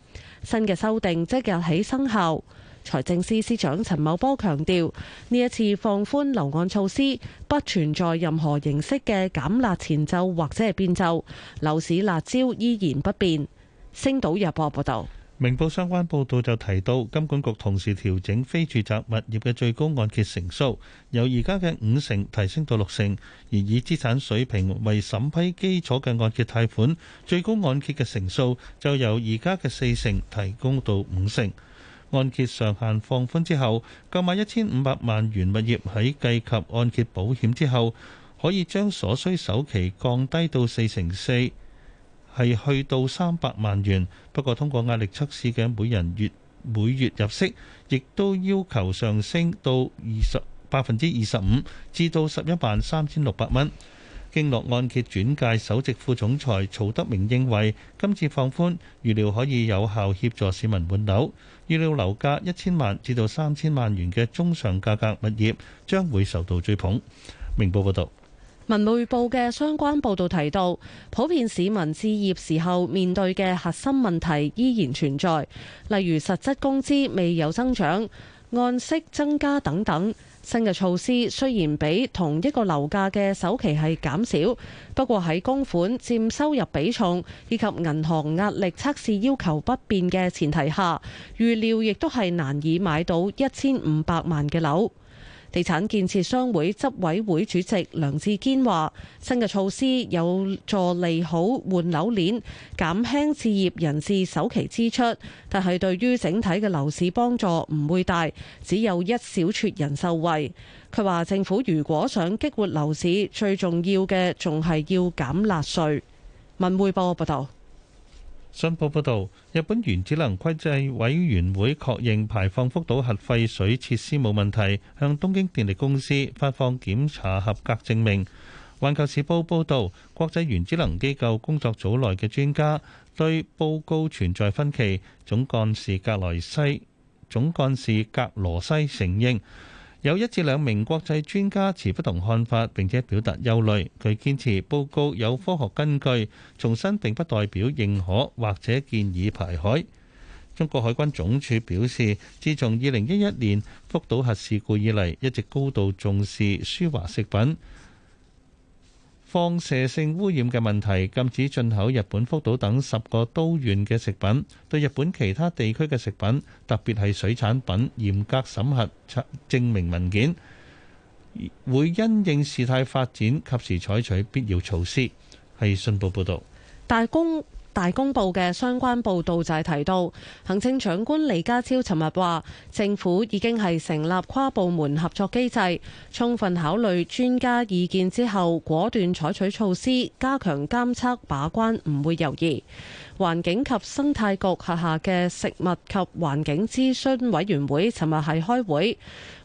新嘅修訂即日起生效。財政司司長陳茂波強調呢一次放寬樓按措施不存在任何形式嘅減辣前奏或者係變奏，樓市辣椒依然不變。星島日報報道。明報相關報導就提到，金管局同時調整非住宅物業嘅最高按揭成數，由而家嘅五成提升到六成；而以資產水平為審批基礎嘅按揭貸款，最高按揭嘅成數就由而家嘅四成提高到五成。按揭上限放寬之後，購買一千五百萬元物業喺計及按揭保險之後，可以將所需首期降低到四成四。係去到三百萬元，不過通過壓力測試嘅每人月每月入息，亦都要求上升到二十百分之二十五，至到十一萬三千六百蚊。經絡按揭轉介首席副總裁曹德明認為，今次放寬預料可以有效協助市民換樓，預料樓價一千萬至到三千萬元嘅中上價格物業將會受到追捧。明報報道。文匯報嘅相關報道提到，普遍市民置業時候面對嘅核心問題依然存在，例如實質工資未有增長、按息增加等等。新嘅措施雖然比同一個樓價嘅首期係減少，不過喺供款佔收入比重以及銀行壓力測試要求不變嘅前提下，預料亦都係難以買到一千五百萬嘅樓。地產建設商會執委會主席梁志堅話：新嘅措施有助利好換樓鏈，減輕置業人士首期支出，但係對於整體嘅樓市幫助唔會大，只有一小撮人受惠。佢話政府如果想激活樓市，最重要嘅仲係要減辣稅。文匯報報道。新報報道，日本原子能規制委員會確認排放福島核廢水設施冇問題，向東京電力公司發放檢查合格證明。《環球時報》報道，國際原子能機構工作組內嘅專家對報告存在分歧，總幹事格萊西，總幹事格羅西承認，1> 有一至兩名國際專家持不同看法，並且表達憂慮。佢堅持報告有科學根據，重申並不代表認可或者建議排海。中國海關總署表示，自從二零一一年福島核事故以嚟，一直高度重視輸華食品放射性污染嘅問題，禁止進口日本福島等十個都縣嘅食品，對日本其他地區嘅食品，特別係水產品，嚴格審核證明文件，會因應事態發展，及時採取必要措施。係信報報道。大公大公報嘅相關報導就係提到，行政長官李家超尋日話，政府已經係成立跨部門合作機制，充分考慮專家意見之後，果斷採取措施，加強監測把關，唔會猶豫。環境及生態局轄下嘅食物及環境諮詢委員會尋日喺開會，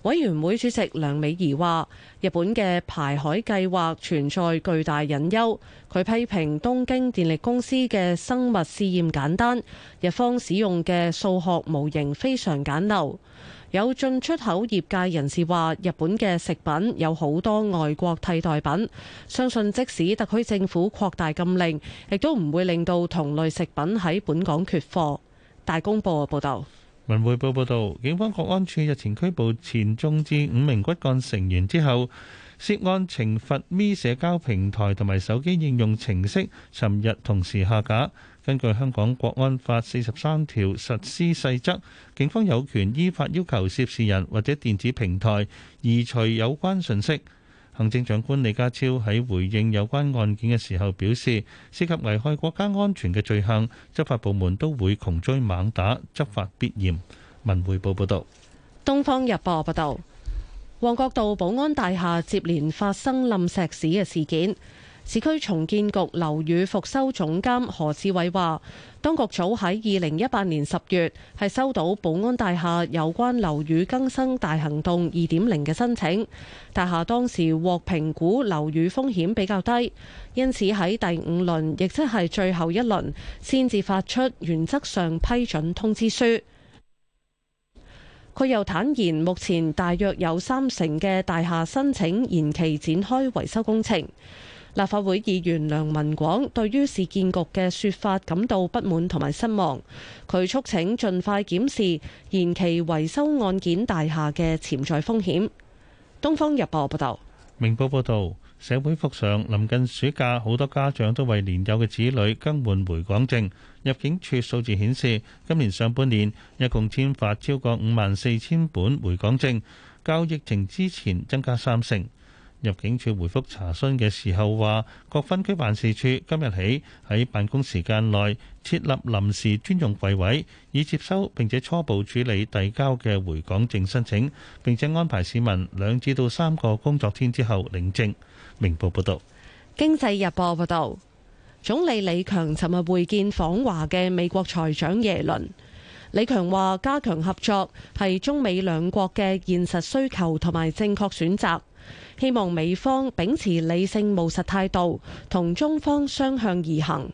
委員會主席梁美儀話：日本嘅排海計劃存在巨大隱憂。佢批評東京電力公司嘅生物試驗簡單，日方使用嘅數學模型非常簡陋。有進出口業界人士話：日本嘅食品有好多外國替代品，相信即使特區政府擴大禁令，亦都唔會令到同類食品喺本港缺貨。大公報報道。文匯報報道，警方國安處日前拘捕前眾志五名骨幹成員之後，涉案懲罰 Mee 社交平台同埋手機應用程式，尋日同時下架。根據香港《國安法》四十三條實施細則，警方有權依法要求涉事人或者電子平台移除有關訊息。行政長官李家超喺回應有關案件嘅時候表示，涉及危害國家安全嘅罪行，執法部門都會窮追猛打，執法必嚴。文匯報報道，《東方日報》報道，旺角道保安大廈接連發生冧石屎嘅事件。市區重建局樓宇復修總監何志偉話，當局早喺二零一八年十月係收到保安大廈有關樓宇更新大行動二點零嘅申請，大廈當時獲評估樓宇風險比較低，因此喺第五輪亦即係最後一輪先至發出原則上批准通知書。佢又坦言，目前大約有三成嘅大廈申請延期展開維修工程。立法會議員梁文廣對於市建局嘅説法感到不滿同埋失望，佢促請盡快檢視延期維修案件大廈嘅潛在風險。東方日報報道。明報報道，社會復常，臨近暑假，好多家長都為年幼嘅子女更換回港證。入境處數字顯示，今年上半年一共簽發超過五萬四千本回港證，較疫情之前增加三成。入境處回覆查詢嘅時候話，各分區辦事處今日起喺辦公時間內設立臨時專用櫃位，以接收並且初步處理遞交嘅回港證申請，並且安排市民兩至到三個工作天之後領證。明報報道。《經濟日報》報道，總理李強尋日會見訪華嘅美國財長耶倫。李強話：加強合作係中美兩國嘅現實需求同埋正確選擇。希望美方秉持理性務實態度，同中方相向而行。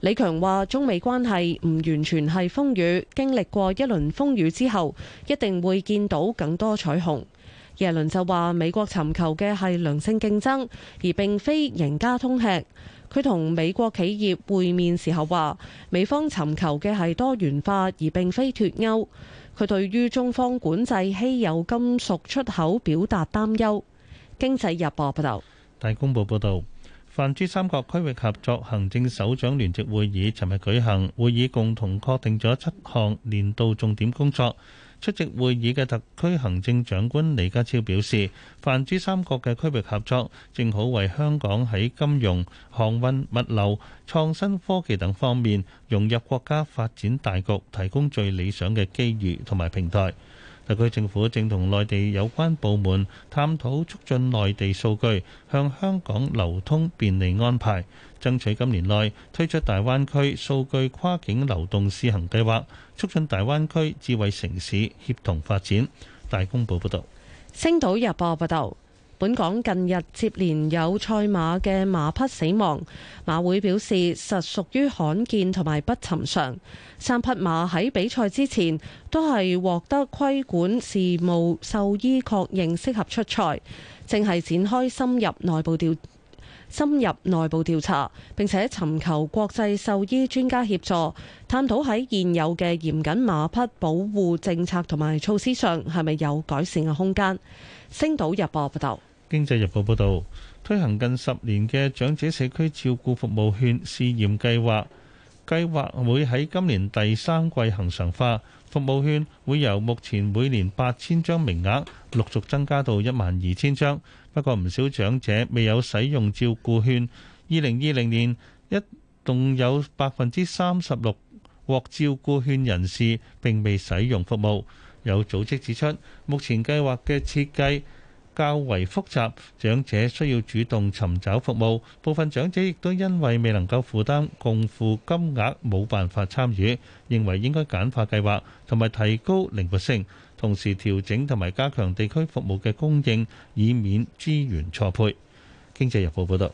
李強話：中美關係唔完全係風雨，經歷過一輪風雨之後，一定會見到更多彩虹。耶倫就話：美國尋求嘅係良性競爭，而並非贏家通吃。佢同美國企業會面時候話：美方尋求嘅係多元化，而並非脱歐。佢對於中方管制稀有金屬出口表達擔憂。經濟日報報道。大公報報道，泛珠三角區域合作行政首長聯席會議尋日舉行，會議共同確定咗七項年度重點工作。出席會議嘅特區行政長官李家超表示，泛珠三角嘅區域合作正好為香港喺金融、航運、物流、創新科技等方面融入國家發展大局提供最理想嘅機遇同埋平台。特區政府正同內地有關部門探討促進內地數據向香港流通便利安排。爭取今年內推出大灣區數據跨境流動試行計劃，促進大灣區智慧城市協同發展。大公報報道。《星島日報》報道，本港近日接連有賽馬嘅馬匹死亡，馬會表示實屬於罕見同埋不尋常。三匹馬喺比賽之前都係獲得規管事務獸醫確認適合出賽，正係展開深入內部調深入內部調查，並且尋求國際獸醫專家協助，探討喺現有嘅嚴謹馬匹保護政策同埋措施上，係咪有改善嘅空間？星島日報報道。經濟日報報道，推行近十年嘅長者社區照顧服務券試驗計劃，計劃會喺今年第三季恒常化，服務券會由目前每年八千張名額，陸續增加到一萬二千張。不過唔少長者未有使用照顧券。二零二零年一共有百分之三十六獲照顧券人士並未使用服務。有組織指出，目前計劃嘅設計較為複雜，長者需要主動尋找服務。部分長者亦都因為未能夠負擔共付金額，冇辦法參與，認為應該簡化計劃，同埋提高靈活性。同時調整同埋加強地區服務嘅供應，以免資源錯配。經濟日報報導。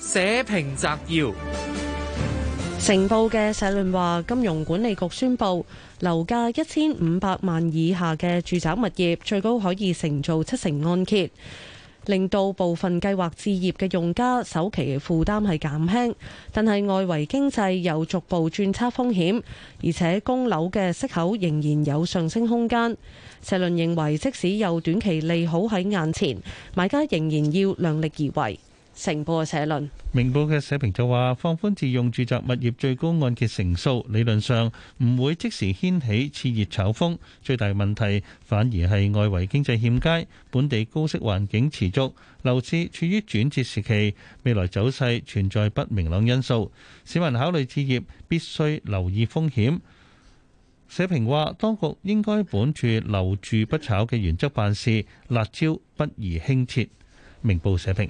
社評摘要，成報嘅社論話，金融管理局宣布樓價一千五百萬以下嘅住宅物業，最高可以承造七成按揭。令到部分計劃置業嘅用家首期負擔係減輕，但係外圍經濟又逐步轉差風險，而且供樓嘅息口仍然有上升空間。社論認為，即使有短期利好喺眼前，買家仍然要量力而為。城報嘅社論，明報嘅社評就話：放寬自用住宅物業最高按揭成數，理論上唔會即時掀起熾熱炒風。最大問題反而係外圍經濟欠佳，本地高息環境持續，樓市處於轉折時期，未來走勢存在不明朗因素。市民考慮置業必須留意風險。社評話：當局應該本住留住不炒嘅原則辦事，辣椒不宜輕撤。明報社評。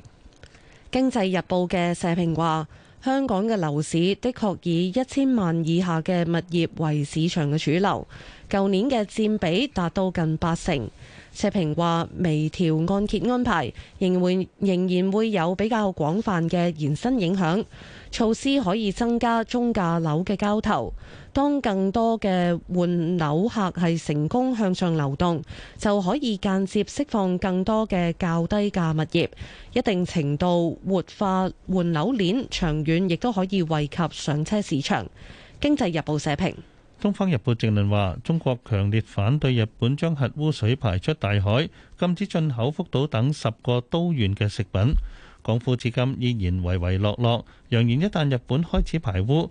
《經濟日報》嘅社評話，香港嘅樓市的確以一千萬以下嘅物業為市場嘅主流，舊年嘅佔比達到近八成。社評話，微調按揭安排仍會，仍然仍然會有比較廣泛嘅延伸影響，措施可以增加中價樓嘅交投。當更多嘅換樓客係成功向上流動，就可以間接釋放更多嘅較低價物業，一定程度活化換樓鏈，長遠亦都可以惠及上車市場。經濟日報社評，東方日報正論話：中國強烈反對日本將核污水排出大海，禁止進口福島等十個都縣嘅食品。港府至今依然唯唯諾諾，揚言一旦日本開始排污。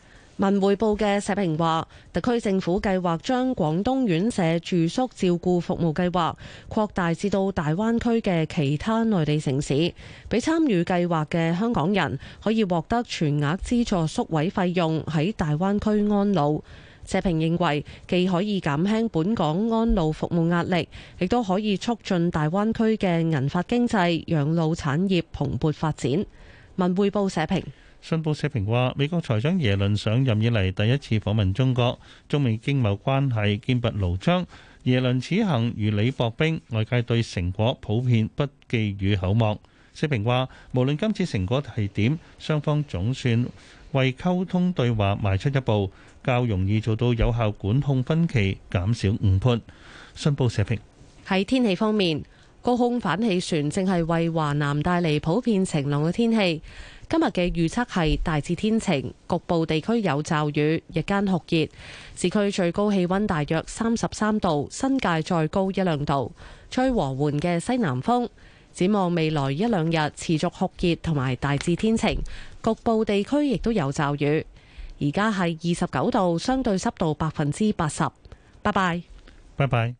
文匯報嘅社評話，特區政府計劃將廣東院舍住宿照顧服務計劃擴大至到大灣區嘅其他內地城市，俾參與計劃嘅香港人可以獲得全額資助宿位費用喺大灣區安老。社評認為，既可以減輕本港安老服務壓力，亦都可以促進大灣區嘅銀髮經濟、養老產業蓬勃發展。文匯報社評。信報社評話，美國財長耶倫上任以嚟第一次訪問中國，中美經貿關係劍拔弩張。耶倫此行如履薄冰，外界對成果普遍不寄予厚望。社評話，無論今次成果係點，雙方總算為溝通對話邁出一步，較容易做到有效管控分歧，減少誤判。信報社評。喺天氣方面，高空反氣旋正係為華南帶嚟普遍晴朗嘅天氣。今日嘅預測係大致天晴，局部地區有驟雨，日間酷熱，市區最高氣溫大約三十三度，新界再高一兩度，吹和緩嘅西南風。展望未來一兩日持續酷熱同埋大致天晴，局部地區亦都有驟雨。而家係二十九度，相對濕度百分之八十。拜拜。拜拜。